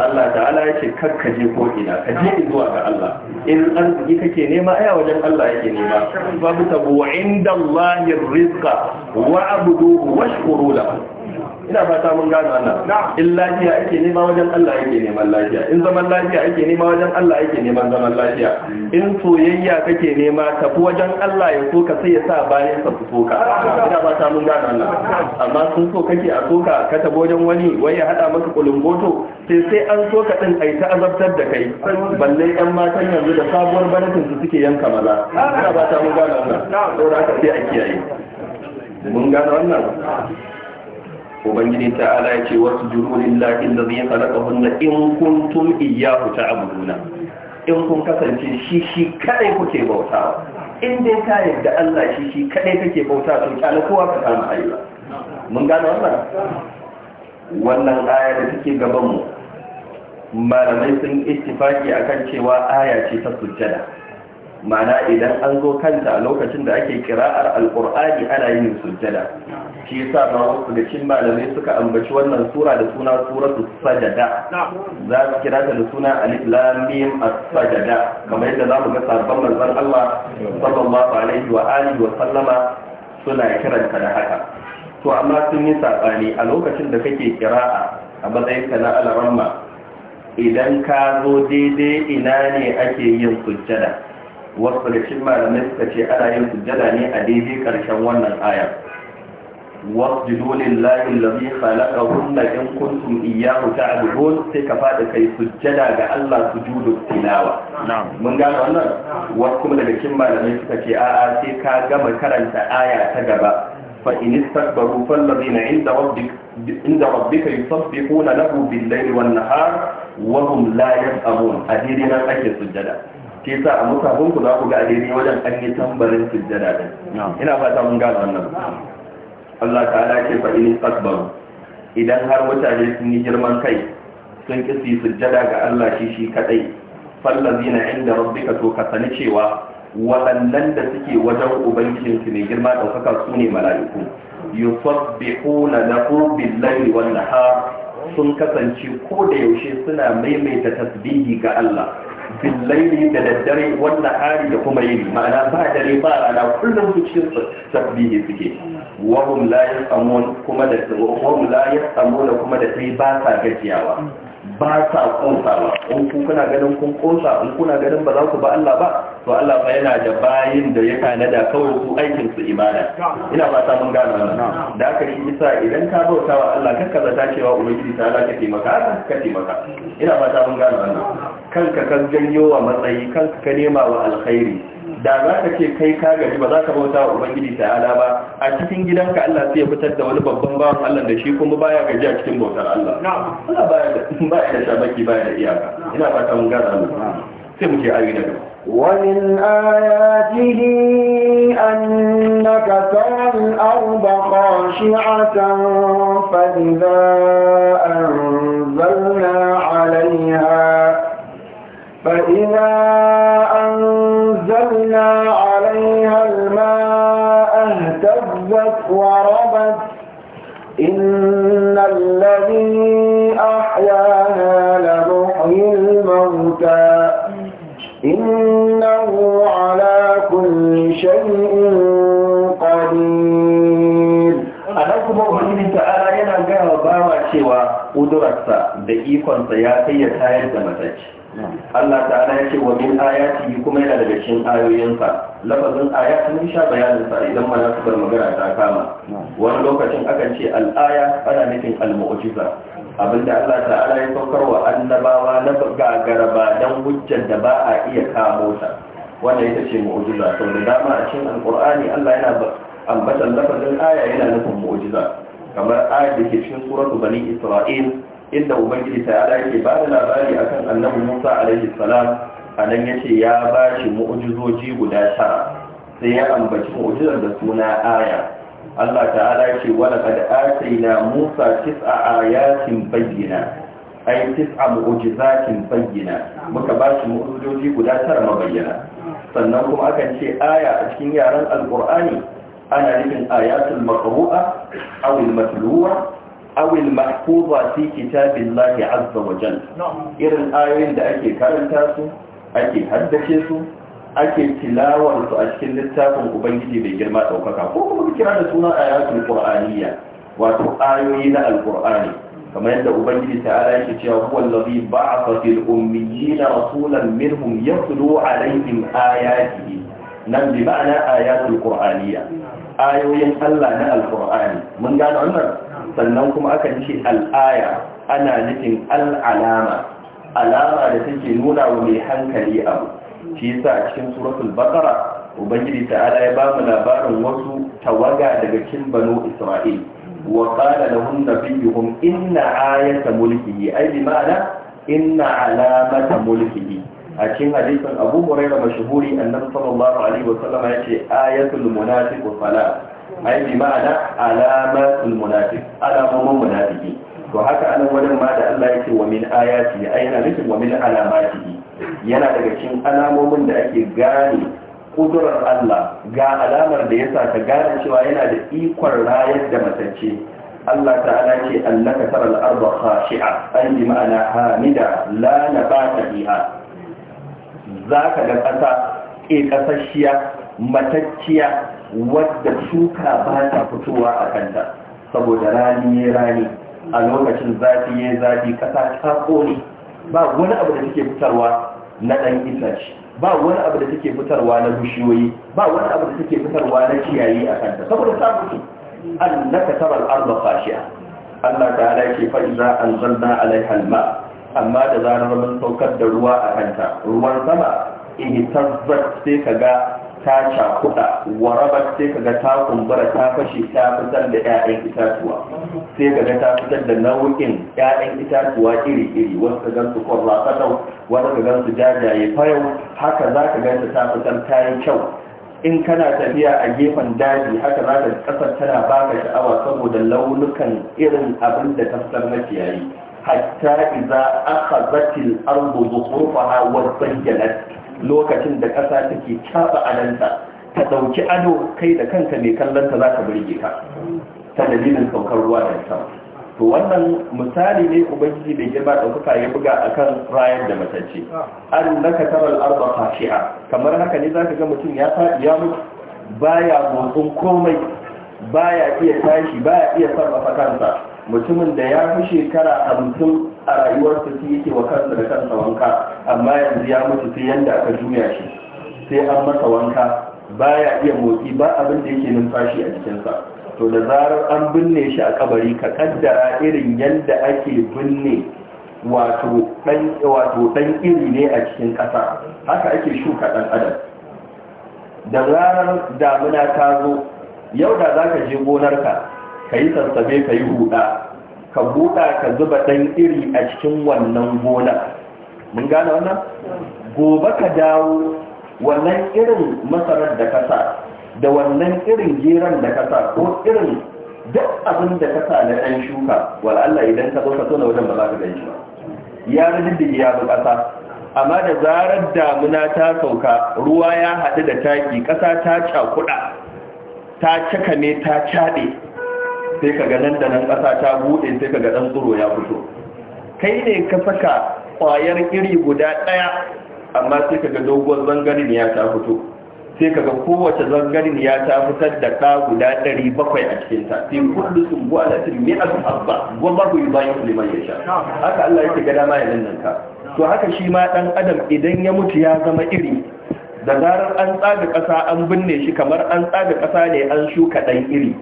Allah ta'ala yake ce kakka je ko ina ka je zuwa ga Allah in arziki kake nema aya wajen Allah yake nema babu tabu inda Allahir rizqa wa abuduhu washkuru lahu ina fata mun gano Allah in lafiya ake nema wajen Allah yake neman lafiya in zaman lafiya ake nema wajen Allah yake neman zaman lafiya in soyayya kake nema tafi wajen Allah ya soka sai ya sa bayan sa su soka ina fata mun gano Allah amma sun so kake a soka ka tabo wajen wani wai ya hada maka kulumboto sai sai an soka din ai ta azabtar da kai balle yan matan yanzu da sabuwar barkin su suke yanka maza ina fata mun gano Allah saboda haka sai a kiyaye mun gano wannan ubangiji ala ya ce wasu jururin lakin da zai halaka hunna in kuntum iyyahu ta'buduna in kun kasance shi shi kadai kuke bautawa in dai ka yarda Allah shi shi kadai kake bauta to kana kowa ka samu ayyuka mun gane wannan wannan aya da take gaban mu malamai sun istifaki akan cewa aya ce ta sujjada ma'ana idan an zo kanta a lokacin da ake kira'ar alƙur'ani ana yin sujjada shi yasa ba wasu da cin malamai suka ambaci wannan sura da suna suratu sajada za su kira ta da suna alif lam mim as-sajada kamar yadda zamu ga sabon manzon Allah sallallahu alaihi wa alihi wa sallama suna kiranta da haka to amma sun yi sabani a lokacin da kake kira'a a matsayin ka na alaramma idan ka zo daidai ina ne ake yin sujjada wasu da cin malamai suka ce ana yin sujjada ne a daidai karshen wannan ayar wasjudu lillahi allazi khalaqahunna in kuntum iyyahu ta'budun sai ka fada kai sujjada ga Allah sujudu tilawa mun gane wannan wasu kuma daga kin malamai suka ce a'a sai ka gama karanta aya ta gaba فإن استكبروا فالذين عند ربك عند ربك يسبحون له بالليل والنهار وهم لا يسأمون أديرنا أكي سجدا ke sa a mutabunku za ku ga adini wajen an yi tambarin sujjada din ina fata mun gano wannan Allah ta'ala ce fa in idan har mutane sun yi girman kai sun su sujjada ga Allah shi shi kadai fallazina inda rabbika to ka sani cewa waɗannan da suke wajen ubangijin su ne girma ɗaukaka su ne mala'iku na lahu billahi wan nahar sun kasance ko da yaushe suna maimaita tasbihi ga Allah billahi da daddare wannan hari da kuma yini ma'ana ba dare ba rana kullum su cikin tasbihi suke wahum la yasamun kuma da wahum la yasamun kuma da sai ba sa gajiyawa ba sa kosawa in ku kuna ganin kun kosa in kuna ganin ba za ku ba Allah ba to Allah ba yana da bayin da ya tanada kawai su aikin su ibada ina ba ta mun gano wannan da aka yi isa idan ka bauta wa Allah kanka ta cewa ubangiji ta Allah kake maka haka kake maka ina ba ta mun gano wannan kanka kan janyo wa matsayi kanka ka nema wa alkhairi da za ka ce kai ka gaji ba za ka bauta wa ubangiji ta'ala ba a cikin gidanka Allah sai ya fitar da wani babban bawan Allah da shi kuma baya gaji a cikin bautar Allah Allah baya da baya da shabaki baya da iyaka ina fata mun gaza mu sai mu ce ayi da gaba ومن آياته أنك ترى الأرض خاشعة فإذا أنزلنا عليها فإذا أنزلنا وربت إن الذي أحياها لمحيي الموتى إنه على كل شيء قدير أنكم أخذين تعالى ينقى وباوى سوى قدرتها بإيقان سياتي يتاير زمتك Allah ta'ala ya ce wa min ayati kuma yana daga cikin ayoyinsa lafazin ayatun sha bayanin sa idan bar magana ta kama wani lokacin aka ce al'aya ana nufin al-mu'jiza abinda Allah ta'ala ya saukar wa annabawa na gagaraba dan hujjar da ba a iya kamo ta wannan ita ce mu'jiza to da dama a cikin alqur'ani Allah yana ambatan lafazin aya yana nufin mu'jiza kamar ayat da ke cikin suratul bani isra'il inda ubangiji ta ala yake ba da labari akan annabi musa alaihi salam a nan ya ce ya ba shi mu'ujizoji guda tara sai ya ambaci mu'ujizar da suna aya allah ta'ala ya ce wala kad na musa tis'a ayatin bayyana ai tis'a mu'ujizakin bayyana muka ba shi mu'ujizoji guda tara mabayyana sannan kuma akan ce aya a cikin yaren alqur'ani ana nufin ayatul maqru'a aw al matluwa awil mahfuza fi kitabillahi azza wa jalla irin ayoyin da ake karanta su ake haddace su ake tilawar su a cikin littafin ubangiji mai girma daukaka ko kuma kira da suna ayatul qur'aniyya wato ayoyi na alqur'ani kamar yadda ubangiji ta'ala yake cewa huwa allazi ba'atha fil ummiyina rasulan minhum yatlu alaihim ayatihi nan bi ma'ana ayatul qur'aniyya ayoyin Allah na alqur'ani mun gane wannan sannan kuma akan ce al'aya ana nufin al'alama alama da take nuna wa mai hankali abu shi yasa cikin suratul baqara ubangiji ta'ala ya ba mu labarin wasu tawaga daga cikin banu isra'il wa qala lahum nabiyuhum inna ayata mulkihi ay bi ma'ana inna alamata mulkihi a cikin hadisin Abu Hurairah mashhuri annabi sallallahu alaihi wa sallama yace ayatul munafiq salat ai bi ma'ana alamatul munafiq alamomin munafiki to haka anan wajen ma da Allah yake wa min ayati ai yana nufin wa min alamati yana daga cikin alamomin da ake gane kudurar Allah ga alamar da yasa ka gane cewa yana da ikon rayar da matacce Allah ta'ala ce annaka taral arda khashi'a an bi ma'ana hamida la nabata biha zaka ga kasa ke kasashiya matacciya wadda shuka ba ta fitowa a kanta saboda rani ya rani a lokacin zafi ya zafi kasa ta kone ba wani abu da take fitarwa na ɗan itace ba wani abu da take fitarwa na bishiyoyi ba wani abu da take fitarwa na ciyayi a kanta saboda ta mutu annaka tabal arba fashiya Allah ta ala ke fa'iza anzalna alaiha alma amma da zarar mun saukar da ruwa a kanta ruwan sama zai ka ga. ta cakuɗa warabar sai kaga ta kumbura ta fashe ta fitar da 'ya'yan itatuwa sai kaga ta fitar da nau'in 'ya'yan itatuwa iri-iri wasu ka gansu kwarla sadau wasu ka gansu jajaye fayau haka za ka gansu ta fitar ta yi kyau in kana tafiya a gefen daji haka za ka kasar tana ba baka sha'awa saboda launukan irin abin da ta fitar na ciyayi hatta iza akhadhatil ardu zukhrufaha wa zayyanat lokacin da ƙasa take caɓa adanta ta ɗauki ado kai da kanka mai kallonta za ka burge ka ta dalilin saukar ruwa da sama to wannan misali ne ubangiji bai girma ɗaukaka ya buga akan rayar da matacce an naka tarar arba fashi'a kamar haka ne za ka ga mutum ya faɗi ya mutu baya motsin komai baya iya tashi baya iya sarrafa kansa mutumin da ya fi shekara a mutum a rayuwarsa sai yake wa kansa da kansa wanka amma yanzu ya mutu sai yadda aka juya shi sai an masa wanka ba ya iya motsi ba abin da yake numfashi a jikinsa, to da zarar an binne shi a kabari ka kaddara irin yanda ake binne wato dan iri ne a cikin ƙasa haka ake shuka dan adam da zarar damina ta zo yau da za ka je gonarka ka yi sassabe ka yi huda ka buɗa ka zuba ɗan iri a cikin wannan gona mun gane wannan gobe ka dawo wannan irin masarar da kasa da wannan irin jiran da kasa ko irin duk abin da kasa na ɗan shuka Allah idan ka zo ka tona wajen ba za ka gani ba ya ya bi ƙasa amma da zarar damuna ta sauka ruwa ya haɗu da taki ƙasa ta cakuɗa ta cika ne ta caɗe sai ka ganin nan da nan ƙasa ta buɗe sai ka ga ɗan tsoro ya fito kai ne ka saka ƙwayar iri guda ɗaya amma sai ka ga doguwar zangarin ya ta fito sai ka ga kowace zangarin ya ta fitar da ɗa guda ɗari bakwai a cikin ta sai kudu sun da su ne a su abba gwamma ku bayan liman ya sha haka Allah yake ga dama ya nan ka to haka shi ma dan adam idan ya mutu ya zama iri da zarar an tsaga ƙasa an binne shi kamar an tsaga ƙasa ne an shuka ɗan iri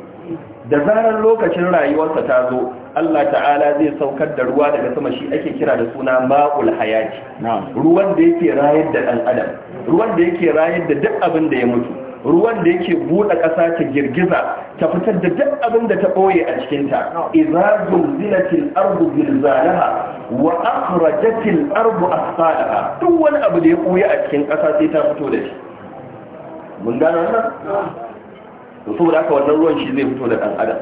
da zarar lokacin rayuwarsa ta zo Allah ta'ala zai saukar da ruwa daga sama shi ake kira da suna ma'ul hayati ruwan da yake rayar da dan ruwan da yake rayar da duk abin da ya mutu ruwan da yake buɗe ƙasa ta girgiza ta fitar da duk abin da ta ɓoye a cikinta idza zulzilatil ardu zilzalaha wa akhrajatil ardu asfalaha duk wani abu da ya ɓoye a cikin ƙasa sai ta fito da shi mun gano wannan to saboda haka wannan ruwan shi zai fito da dan adam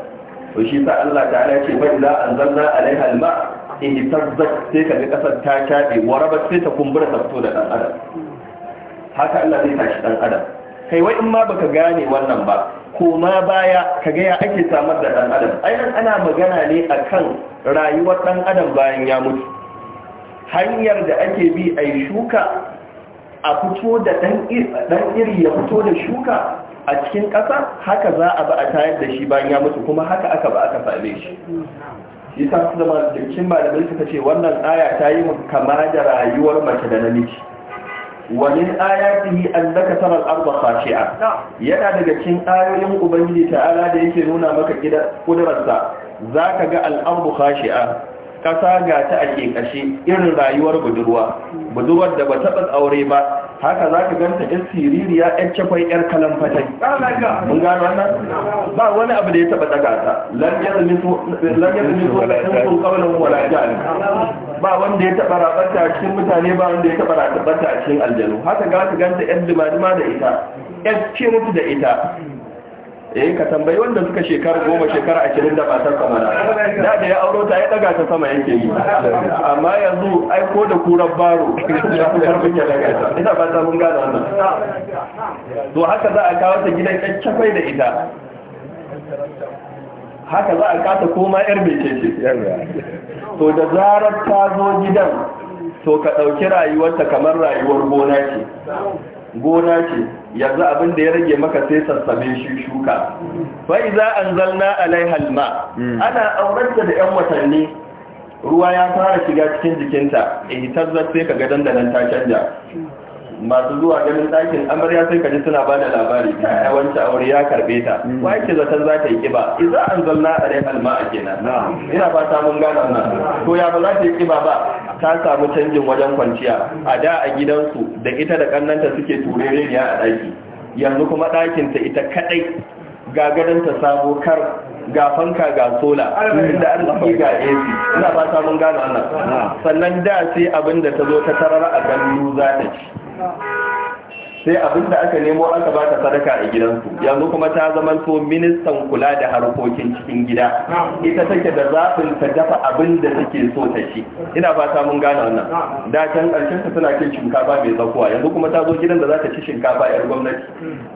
to shi sa Allah ta'ala ala ce fa idza anzalna alaiha alma in tazzak sai ka ga kasar ta tabe waraba sai ta kumbura ta fito da dan adam haka Allah zai tashi dan adam kai wai in ma baka gane wannan ba koma baya ka ga ya ake samar da dan adam nan ana magana ne akan rayuwar dan adam bayan ya mutu hanyar da ake bi a shuka a fito da dan iri ya fito da shuka a cikin ƙasa haka za a ba a tayar da shi bayan ya mutu kuma haka aka ba aka same shi isa su zama jikin malamai suka ce wannan aya ta yi kama da rayuwar mace da namiji wani aya ta yi allaka sarar arba khashi'a yana daga cikin ayoyin ubangiji ta'ala da yake nuna maka kudararsa za ka ga al'arbu khashi'a ƙasa ga ta ake kashe irin rayuwar budurwa budurwar da ba taɓa aure ba haka za ka ganta yan siririya yan cafai yan kalan fatai mun gano wannan ba wani abu da ya taɓa daga ta lan yanzu miso da sun ƙaunar wala jani ba wanda ya taɓa rabata a cikin mutane ba wanda ya taɓa rabata a cikin aljanu haka za ka ganta yan limadima da ita yan cinutu da ita eh ka tambayi wanda suka shekara goma shekara ashirin da matar kamana da da ya auro ta ya daga ta sama yake yi amma yanzu ai ko da kuran baro ya fi karfin ya daga ta ina ba ta mun gane wannan to haka za a kawo ta gidan kyakkyakwai da ita haka za a kata koma yar mece ce to da zarar ta zo gidan to ka ɗauki rayuwarta kamar rayuwar gona ce gona ce yanzu abin da ya rage maka sai sassabe shi shuka fa iza anzalna alaiha alma hmm. ana aurarta da yan watanni ruwa ya fara shiga cikin jikinta ihtazza sai kaga dandanan ta canja masu zuwa ganin ɗakin amarya sai kaji suna ba da labari ya wancan aure ya karbe ta mm. wai yake zaton za ta yi kiba idan an zanna a rai alma a kenan ina ba ta mun gana wannan to ya ba za ta yi kiba ba ta samu canjin wajen kwanciya a da a gidansu da ita da kannanta suke turereniya a ɗaki yanzu kuma ɗakinta ita kaɗai ga ta sabo kar ga fanka ga sola inda arziki ga AC ina ba ta mun gana wannan sannan da sai abinda ta zo ta tarar a gandu za ta ci sai abin da aka nemo aka ba ta sadaka a gidansu yanzu kuma ta zama to ministan kula da harkokin cikin gida ita take da zaɓin ta dafa abin da take so ta ci ina ba ta mun gane wannan da can ƙarshen ta suna cin shinkafa mai zakuwa yanzu kuma ta zo gidan da za ta ci shinkafa yar gwamnati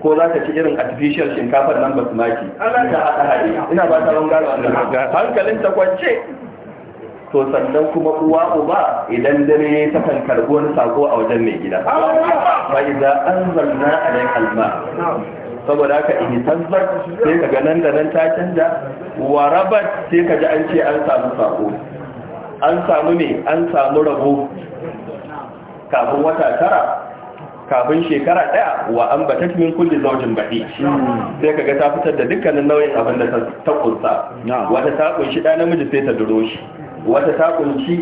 ko za ta ci irin artificial shinkafar nan basmati ta haɗa haɗe ina ta mun gane wannan hankalin ta kwance to sannan kuma uwa uba idan dare ta kan karbo wani sako a wajen mai gida ba idza anzalna alayka alma saboda haka in tazzar sai kaga nan da nan ta canja wa rabat sai kaji an ce an samu sako an samu ne an samu rabo kafin wata tara kafin shekara daya wa an ba min kulli zaujin baɗi sai kaga ta fitar da dukkanin nauyin abin da ta kunsa wata ta kunshi ɗa namiji sai ta duro shi wata takunci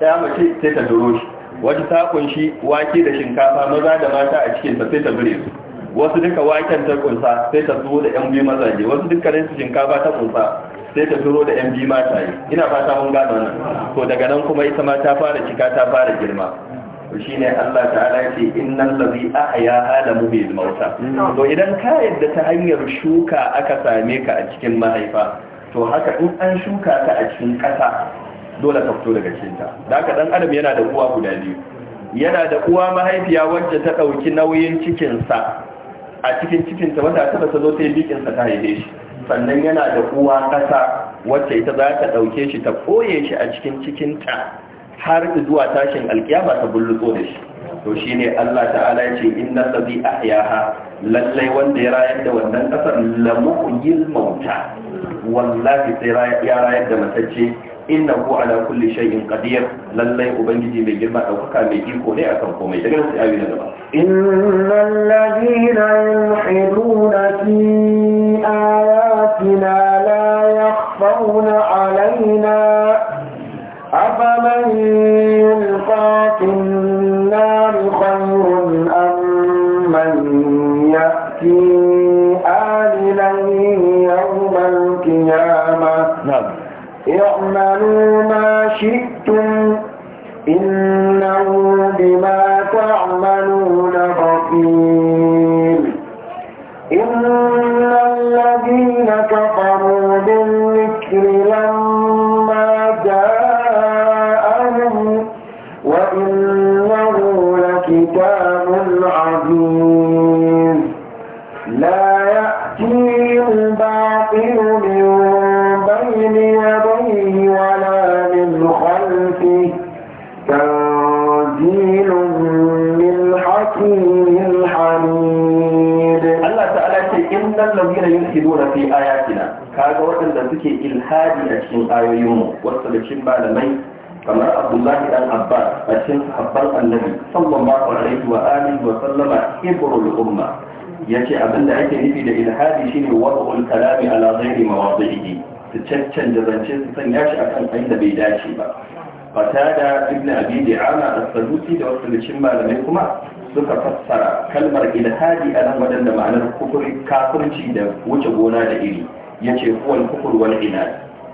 ya mace sai ta duro shi wata takunci wake da shinkafa maza da mata a cikin ta sai ta bire su wasu duka waken ta kunsa sai ta zo da yan biyu mazaje wasu duka su shinkafa ta kunsa sai ta turo da yan biyu mata yi ina fata mun gano nan to daga nan kuma ita ma ta fara cika ta fara girma shi ne Allah ta'ala ce innan lazi ahya alamu bil mauta to idan ka yadda ta hanyar shuka aka same ka a cikin mahaifa to haka in an shuka ta a cikin ƙasa dole ka fito daga cikinta da haka dan adam yana da uwa guda biyu yana da uwa mahaifiya wacce ta ɗauki nauyin cikinsa a cikin cikinta wanda ta ta zo sai sa ta haife shi sannan yana da uwa kasa wacce ita za ta ɗauke shi ta koye shi a cikin cikinta har zuwa tashin alkiyama ta bullutso da shi to shine Allah ta'ala ya ce inna sabi ahyaha lallai wanda ya rayar da wannan ƙasar lamuqyil mauta wallahi sai ya rayar da matacce inna innahu ala kulli shay'in qadir lallai ubangiji mai girma daukaka mai iko ne akan komai daga sai ayoyi na gaba innal ladina yulhiduna fi ayatina la yakhfawna alaina waɗanda suke ilhadi a cikin ayoyinmu wasu da cikin malamai kamar abdullahi dan abbas a cikin sahabban annabi sallallahu alaihi wa alihi wa sallama ibrul umma yace abinda ake nufi da ilhadi shine wad'ul kalami ala ghairi mawadi'ihi su cancanta zance su sanya shi akan abin da bai dace ba fatada ibn abi di'ama as-sadusi da wasu da cikin malamai kuma suka fassara kalmar ilhadi a nan waɗanda ma'anar kafirci da wuce gona da iri ya ce kowane kufur wani ina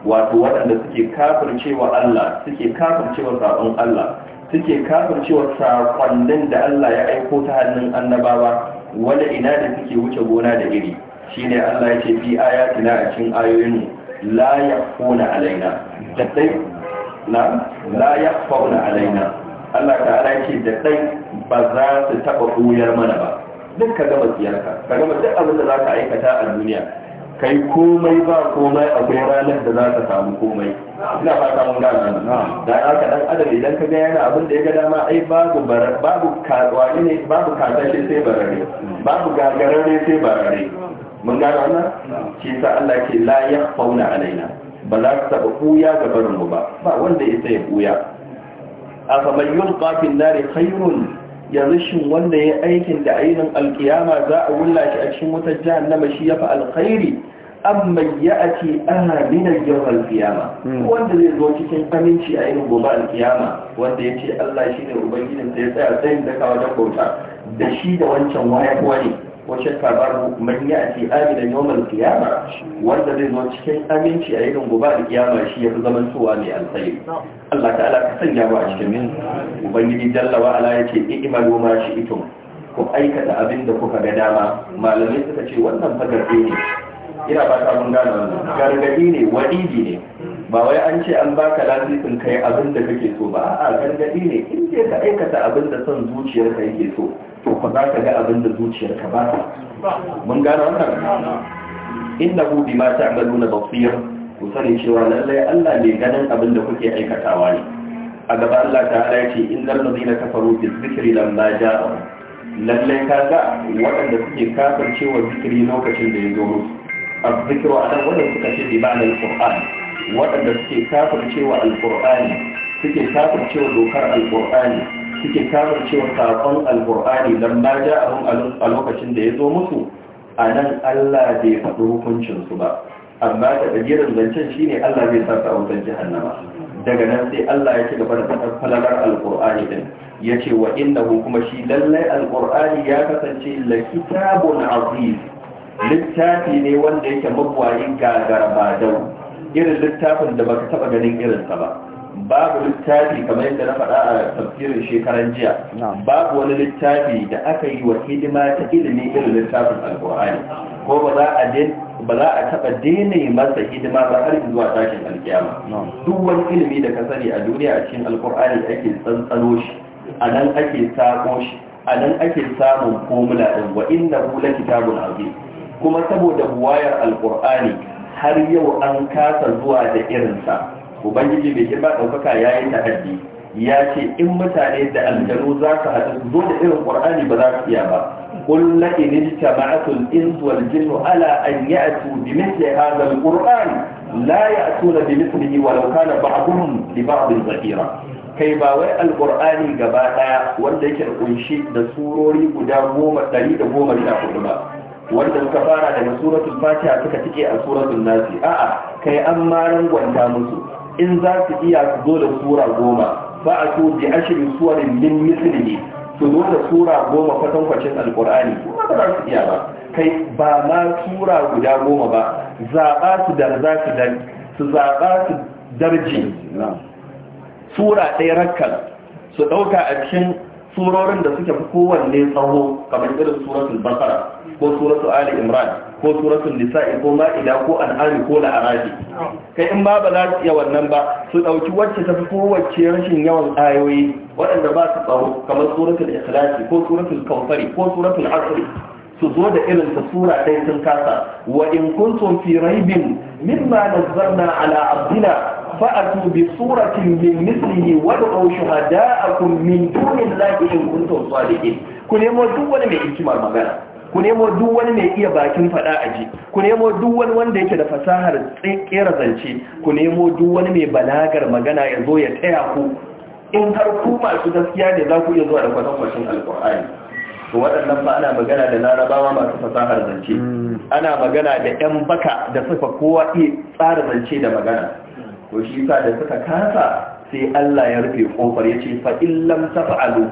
wato waɗanda suke cewa Allah suke cewa sabon Allah suke cewa sakonnin da Allah ya aiko ta hannun annabawa wani ina da suke wuce gona da iri shine Allah ya ce fi ayatina a cin ayoyinmu la yakuna alaina daɗai na la yakuna alaina Allah ta'ala ya ce da ba za su taɓa ɓuyar mana ba duk ka gama siyarka ka gama duk abin da za ka aikata a duniya kai komai ba komai akwai ranar da za ka samu komai ina fata mun gana nan da aka dan adam idan ka ga yana abin da ya ga dama ai babu babu kawani ne babu kasashe sai barare babu gagarare sai barare mun gana wannan shi sa Allah ke la fauna alaina ba za ka taba buya ga barin mu ba ba wanda ya sai buya fa man yulqa fi nari khayrun yanzu shin wanda ya aikin da ainin alkiyama za a wulla shi a cikin wutar jahannama shi ya fi alkhairi amman ya ake ana minar yau alkiyama hmm. wanda zai zo cikin aminci a yin gobe alkiyama wanda ya ce Allah shi ne ubangijin da ya tsaya tsayin daga wajen bauta da shi da wancan waya kuwa ne ko shakka babu man ya ake aminan yau alkiyama wanda zai zo cikin aminci a yin gobe alkiyama shi ya fi zaman tuwa mai alkhairi Allah ta'ala ka sanya wa a cikin min ubangiji jallawa ala ya ce ima goma shi itum ku aikata abin da kuka ga dama malamai suka ce wannan fagarbe ne ina ba ta mun gane gargadi ne wa'idi ne ba wai an ce an baka lasisin kai abin da kake so ba a'a gargadi ne in ce ka aikata abin da son zuciyarka yake so to ku za ka ga abin da zuciyarka ba mun gano wannan innahu bima ta'maluna basir ku sani cewa lallai Allah ne ganin abin da kuke aikatawa ne a gaba Allah ta'ala ya ce innal ladina kafaru bi dhikri lamma ja'a lallai kaga waɗanda suke kafircewa zikiri lokacin da ya zo musu al-zikru a nan wannan suka ce bi ma'anar qur'an wadanda suke kafir cewa al-qur'ani suke kafir cewa dokar al-qur'ani suke kafir cewa sakon al-qur'ani dan ba ja a lokacin da ya zo musu a nan Allah bai faɗi hukuncinsu ba amma da ɗajiyar zancen shine Allah bai sa ta wajen jahannama daga nan sai Allah ya ci gaba da faɗar falalar al-qur'ani din ya ce wa inna kuma shi lallai al-qur'ani ya kasance la kitabun aziz littafi ne wanda yake mabwayin gagara ba dau irin littafin da baka taba ganin irinsa ba babu littafi kamar yadda na faɗa a tafsirin shekaran jiya babu wani littafi da aka yi wa hidima ta ilimi irin littafin alkur'ani ko ba za a ba za a taɓa daina masa hidima ba har zuwa tashin alkiyama duk wani ilimi da ka sani a duniya a cikin alkur'ani ake tsantsano shi a nan ake sako shi a nan ake samun komula ɗin wa inna hula kitabun azim kuma saboda buwayar alkur'ani har yau an kasa zuwa da irinsa ubangiji bai girma ɗaukaka ya yi haddi, ya ce in mutane da aljanu za su haɗu zo da irin ƙwar'ani ba za su iya ba قل لئن اجتمعت الإنس والجن ƙur'ani. أن يأتوا بمثل هذا القرآن لا wa بمثله ولو كان بعضهم لبعض ظهيرا kai ba wai alƙur'ani gaba ɗaya wanda yake kunshi da surori guda goma ɗari da goma sha hudu ba wanda suka fara daga suratul fatiha suka tike a suratul nasi a'a kai an ma rangwanta musu in za su iya su zo da sura goma ba a so bi ashirin suwarin min musulmi su zo da sura goma kwatankwacin alkur'ani ko ba za su iya ba kai ba ma sura guda goma ba zaɓa su da za su dan su zaɓa su darji sura ɗaya rakkal su ɗauka a cikin surorin da suke fi kowanne tsawo kamar irin suratul bakara ko suratul ali imran ko suratul nisa'i ko ma'ida ko al'ami ko la'arabi kai in ba ba za su wannan ba su ɗauki wacce ta fi kowace rashin yawan ayoyi waɗanda ba su tsawo kamar suratul ikhlasi ko suratul kawfari ko suratul asri su zo da irin ta sura ɗaya sun kasa wa in kuntum fi raibin mimma nazzalna ala abdina فأتوا بصورة من مثله a شهداءكم من دون الله إن كنتم صادقين ku nemo duk wani mai magana ku nemo duk wani mai iya bakin fada a ji. ku nemo duk wani wanda yake da fasahar kera zance ku nemo duk wani mai balagar magana ya zo ya taya ku in har ku masu gaskiya ne za ku iya zuwa da kwatankwacin alkur'ani to waɗannan ba ana magana da larabawa masu fasahar zance ana magana da 'yan baka da suka kowa iya tsara zance da magana to shi sa da suka kasa sai Allah ya rufe kofar ce fa illam taf'alu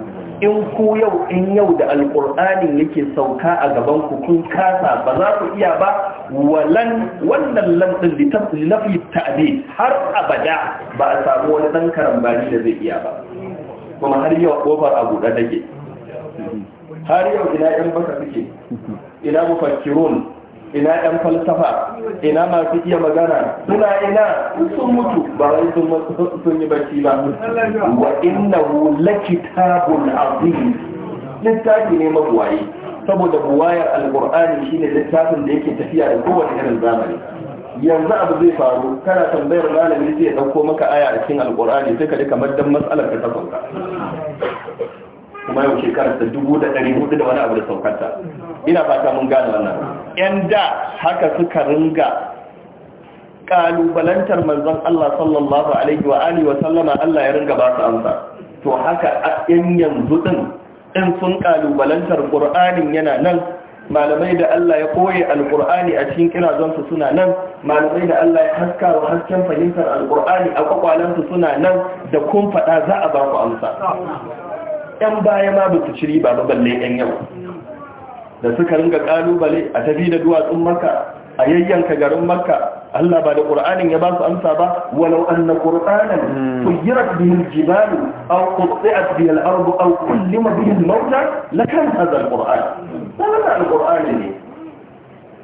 in ku yau in yau da Alƙur'ani yake sauka a gaban ku kun kasa ba za ku iya ba walan wannan lamɗin din li tafli ta'dil har abada ba a samu wani ɗan karambani da zai iya ba kuma har yau kofar a buɗe take har yau ina yan baka suke ina mufakkirun ina yan falsafa ina masu iya magana suna ina sun mutu ba wai sun yi barci ba wa innahu lakitabun azim littafi ne mabuwaye saboda buwayar alqur'ani shine littafin da yake tafiya da kowane irin zamani yanzu abu zai faru kana tambayar malami zai dauko maka aya a cikin alqur'ani sai ka ji kamar dan matsalar ka ta kuma yau shekarar dubu da ɗari hudu da wani abu da saukarta ina fata mun gane wannan yan da haka suka ringa ƙalubalantar manzon Allah sallallahu alaihi wa alihi wa sallama Allah ya ringa ba su amsa to haka ƴan yanzu din in sun ƙalubalantar qur'anin yana nan malamai da Allah ya koye alqur'ani a cikin kirazansu suna nan malamai da Allah ya haska wa hasken fahimtar alqur'ani a kwakwalansu suna nan da kun faɗa za a ba ku amsa 'yan baya ma ba su ciri ba ba balle 'yan yau da suka ringa kalubale a tafi da duwatsun maka a yayyanka garin makka Allah ba da Qur'anin ya ba su amsa ba walau anna na suyirat hmm. bihi al-jibalu aw qutti'at a al-ardu aw kullima bihi al-mawta lakan hadha al-qur'an qurani ne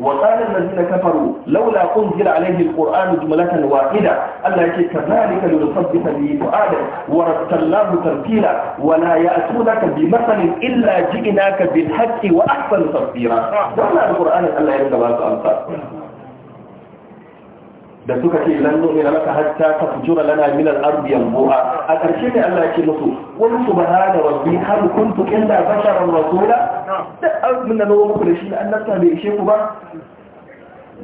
وقال الذين كفروا لولا أنزل عليه القرآن جملة واحدة الله يكي كذلك لنثبت به فؤادك ورتلناه ترتيلا ولا يأتونك بمثل إلا جئناك بالحق وأحسن تفسيرا ولا القرآن الله يكتب أمثال da suka ce lan nu'mina laka hatta tafjura lana min al-ardi yanbu'a a ƙarshe ne Allah ya ce musu qul subhana rabbi hal kuntu illa basharan rasula da abin da nawo muku da shi an annabta bai ishe ku ba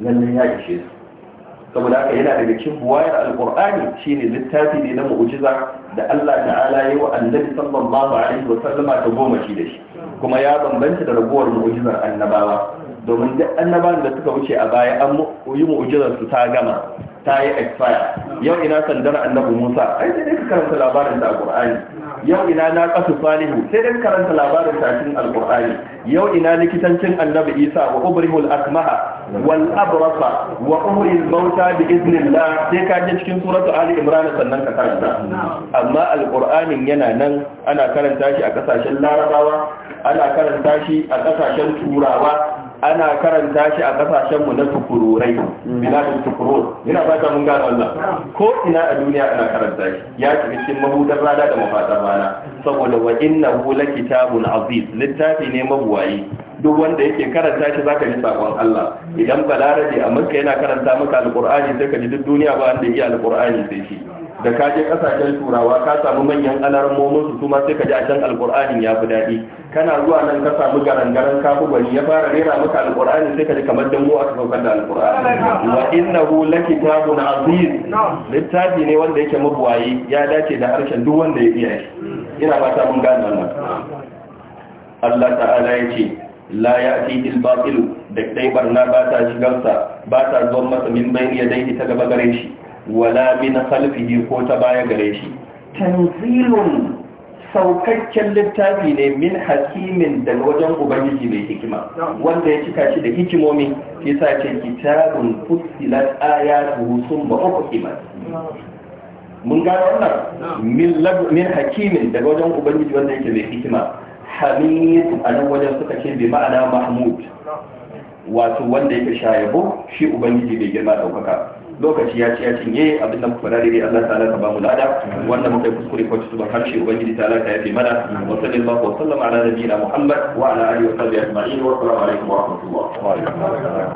lalle ya ishe su saboda haka yana daga cikin buwayar alqur'ani shine littafi ne na mu'jiza da Allah ta'ala ya wa annabi sallallahu alaihi wa sallama ta goma shi da shi kuma ya bambanta da ragowar mu'jizar annabawa domin duk annabawan da suka wuce a baya an yi mu'ujizar su ta gama ta yi expire yau ina sandar Annabu Musa ai sai ka karanta labarin da Qur'ani yau ina na kasu salihu sai dai karanta labarin ta cikin alqur'ani yau ina likitancin annabi Isa wa ubrihul akmaha wal abrasa wa umril mauta bi iznillah sai ka je cikin suratu ali imran sannan ka karanta amma alqur'anin yana nan ana karanta shi a kasashen larabawa ana karanta shi a kasashen turawa ana karanta shi a kasashen mu na tukururai biladin tukurur ina fata mun gane Allah ko ina a duniya ana karanta shi ya ci cikin mahudar rana da mafatar rana saboda wa la kitabun aziz littafi ne mabuwayi duk wanda yake karanta shi zaka ji sakon Allah idan balarabi a makka yana karanta maka alqur'ani sai ka ji duk duniya ba wanda iya alqur'ani sai shi da ka je kasashen turawa ka samu manyan alarmomin su kuma sai ka ji a can alkur'ani ya fi daɗi kana zuwa nan ka samu garangaran kafu gwani ya fara rera maka alkur'ani sai ka ji kamar dango aka saukar da alkur'ani wa innahu lakitabun aziz littafi ne wanda yake mabuwayi ya dace da harshen duk wanda ya iya shi ina fata mun gane wannan Allah ta'ala ya ce la ya'tihi al-batil da dai barna ba ta shigarsa ba ta zuwa masa min bayni dai ta gaba gare shi wala min khalfihi ko ta baya gare shi tanzilun saukakken littafi ne min hakimin daga wajen ubangiji mai hikima wanda ya cika shi da hikimomi sa ce kitabun fussilat ba summa iman. mun gano wannan min hakimin daga wajen ubangiji wanda yake mai hikima hamid a nan wajen suka ce bi ma'ana mahmud wato wanda yake shayabo shi ubangiji bai girma daukaka lokaci ya ci ya cinye abin da muka faɗa daidai Allah ta'ala ka ba mu lada wanda muka kuskure ko tuban harshe ubangiji ta'ala ta yafe mana wa sallallahu wa sallama ala nabiyina Muhammad wa ala alihi wa sahbihi ajma'in wa assalamu alaikum wa rahmatullahi wa barakatuh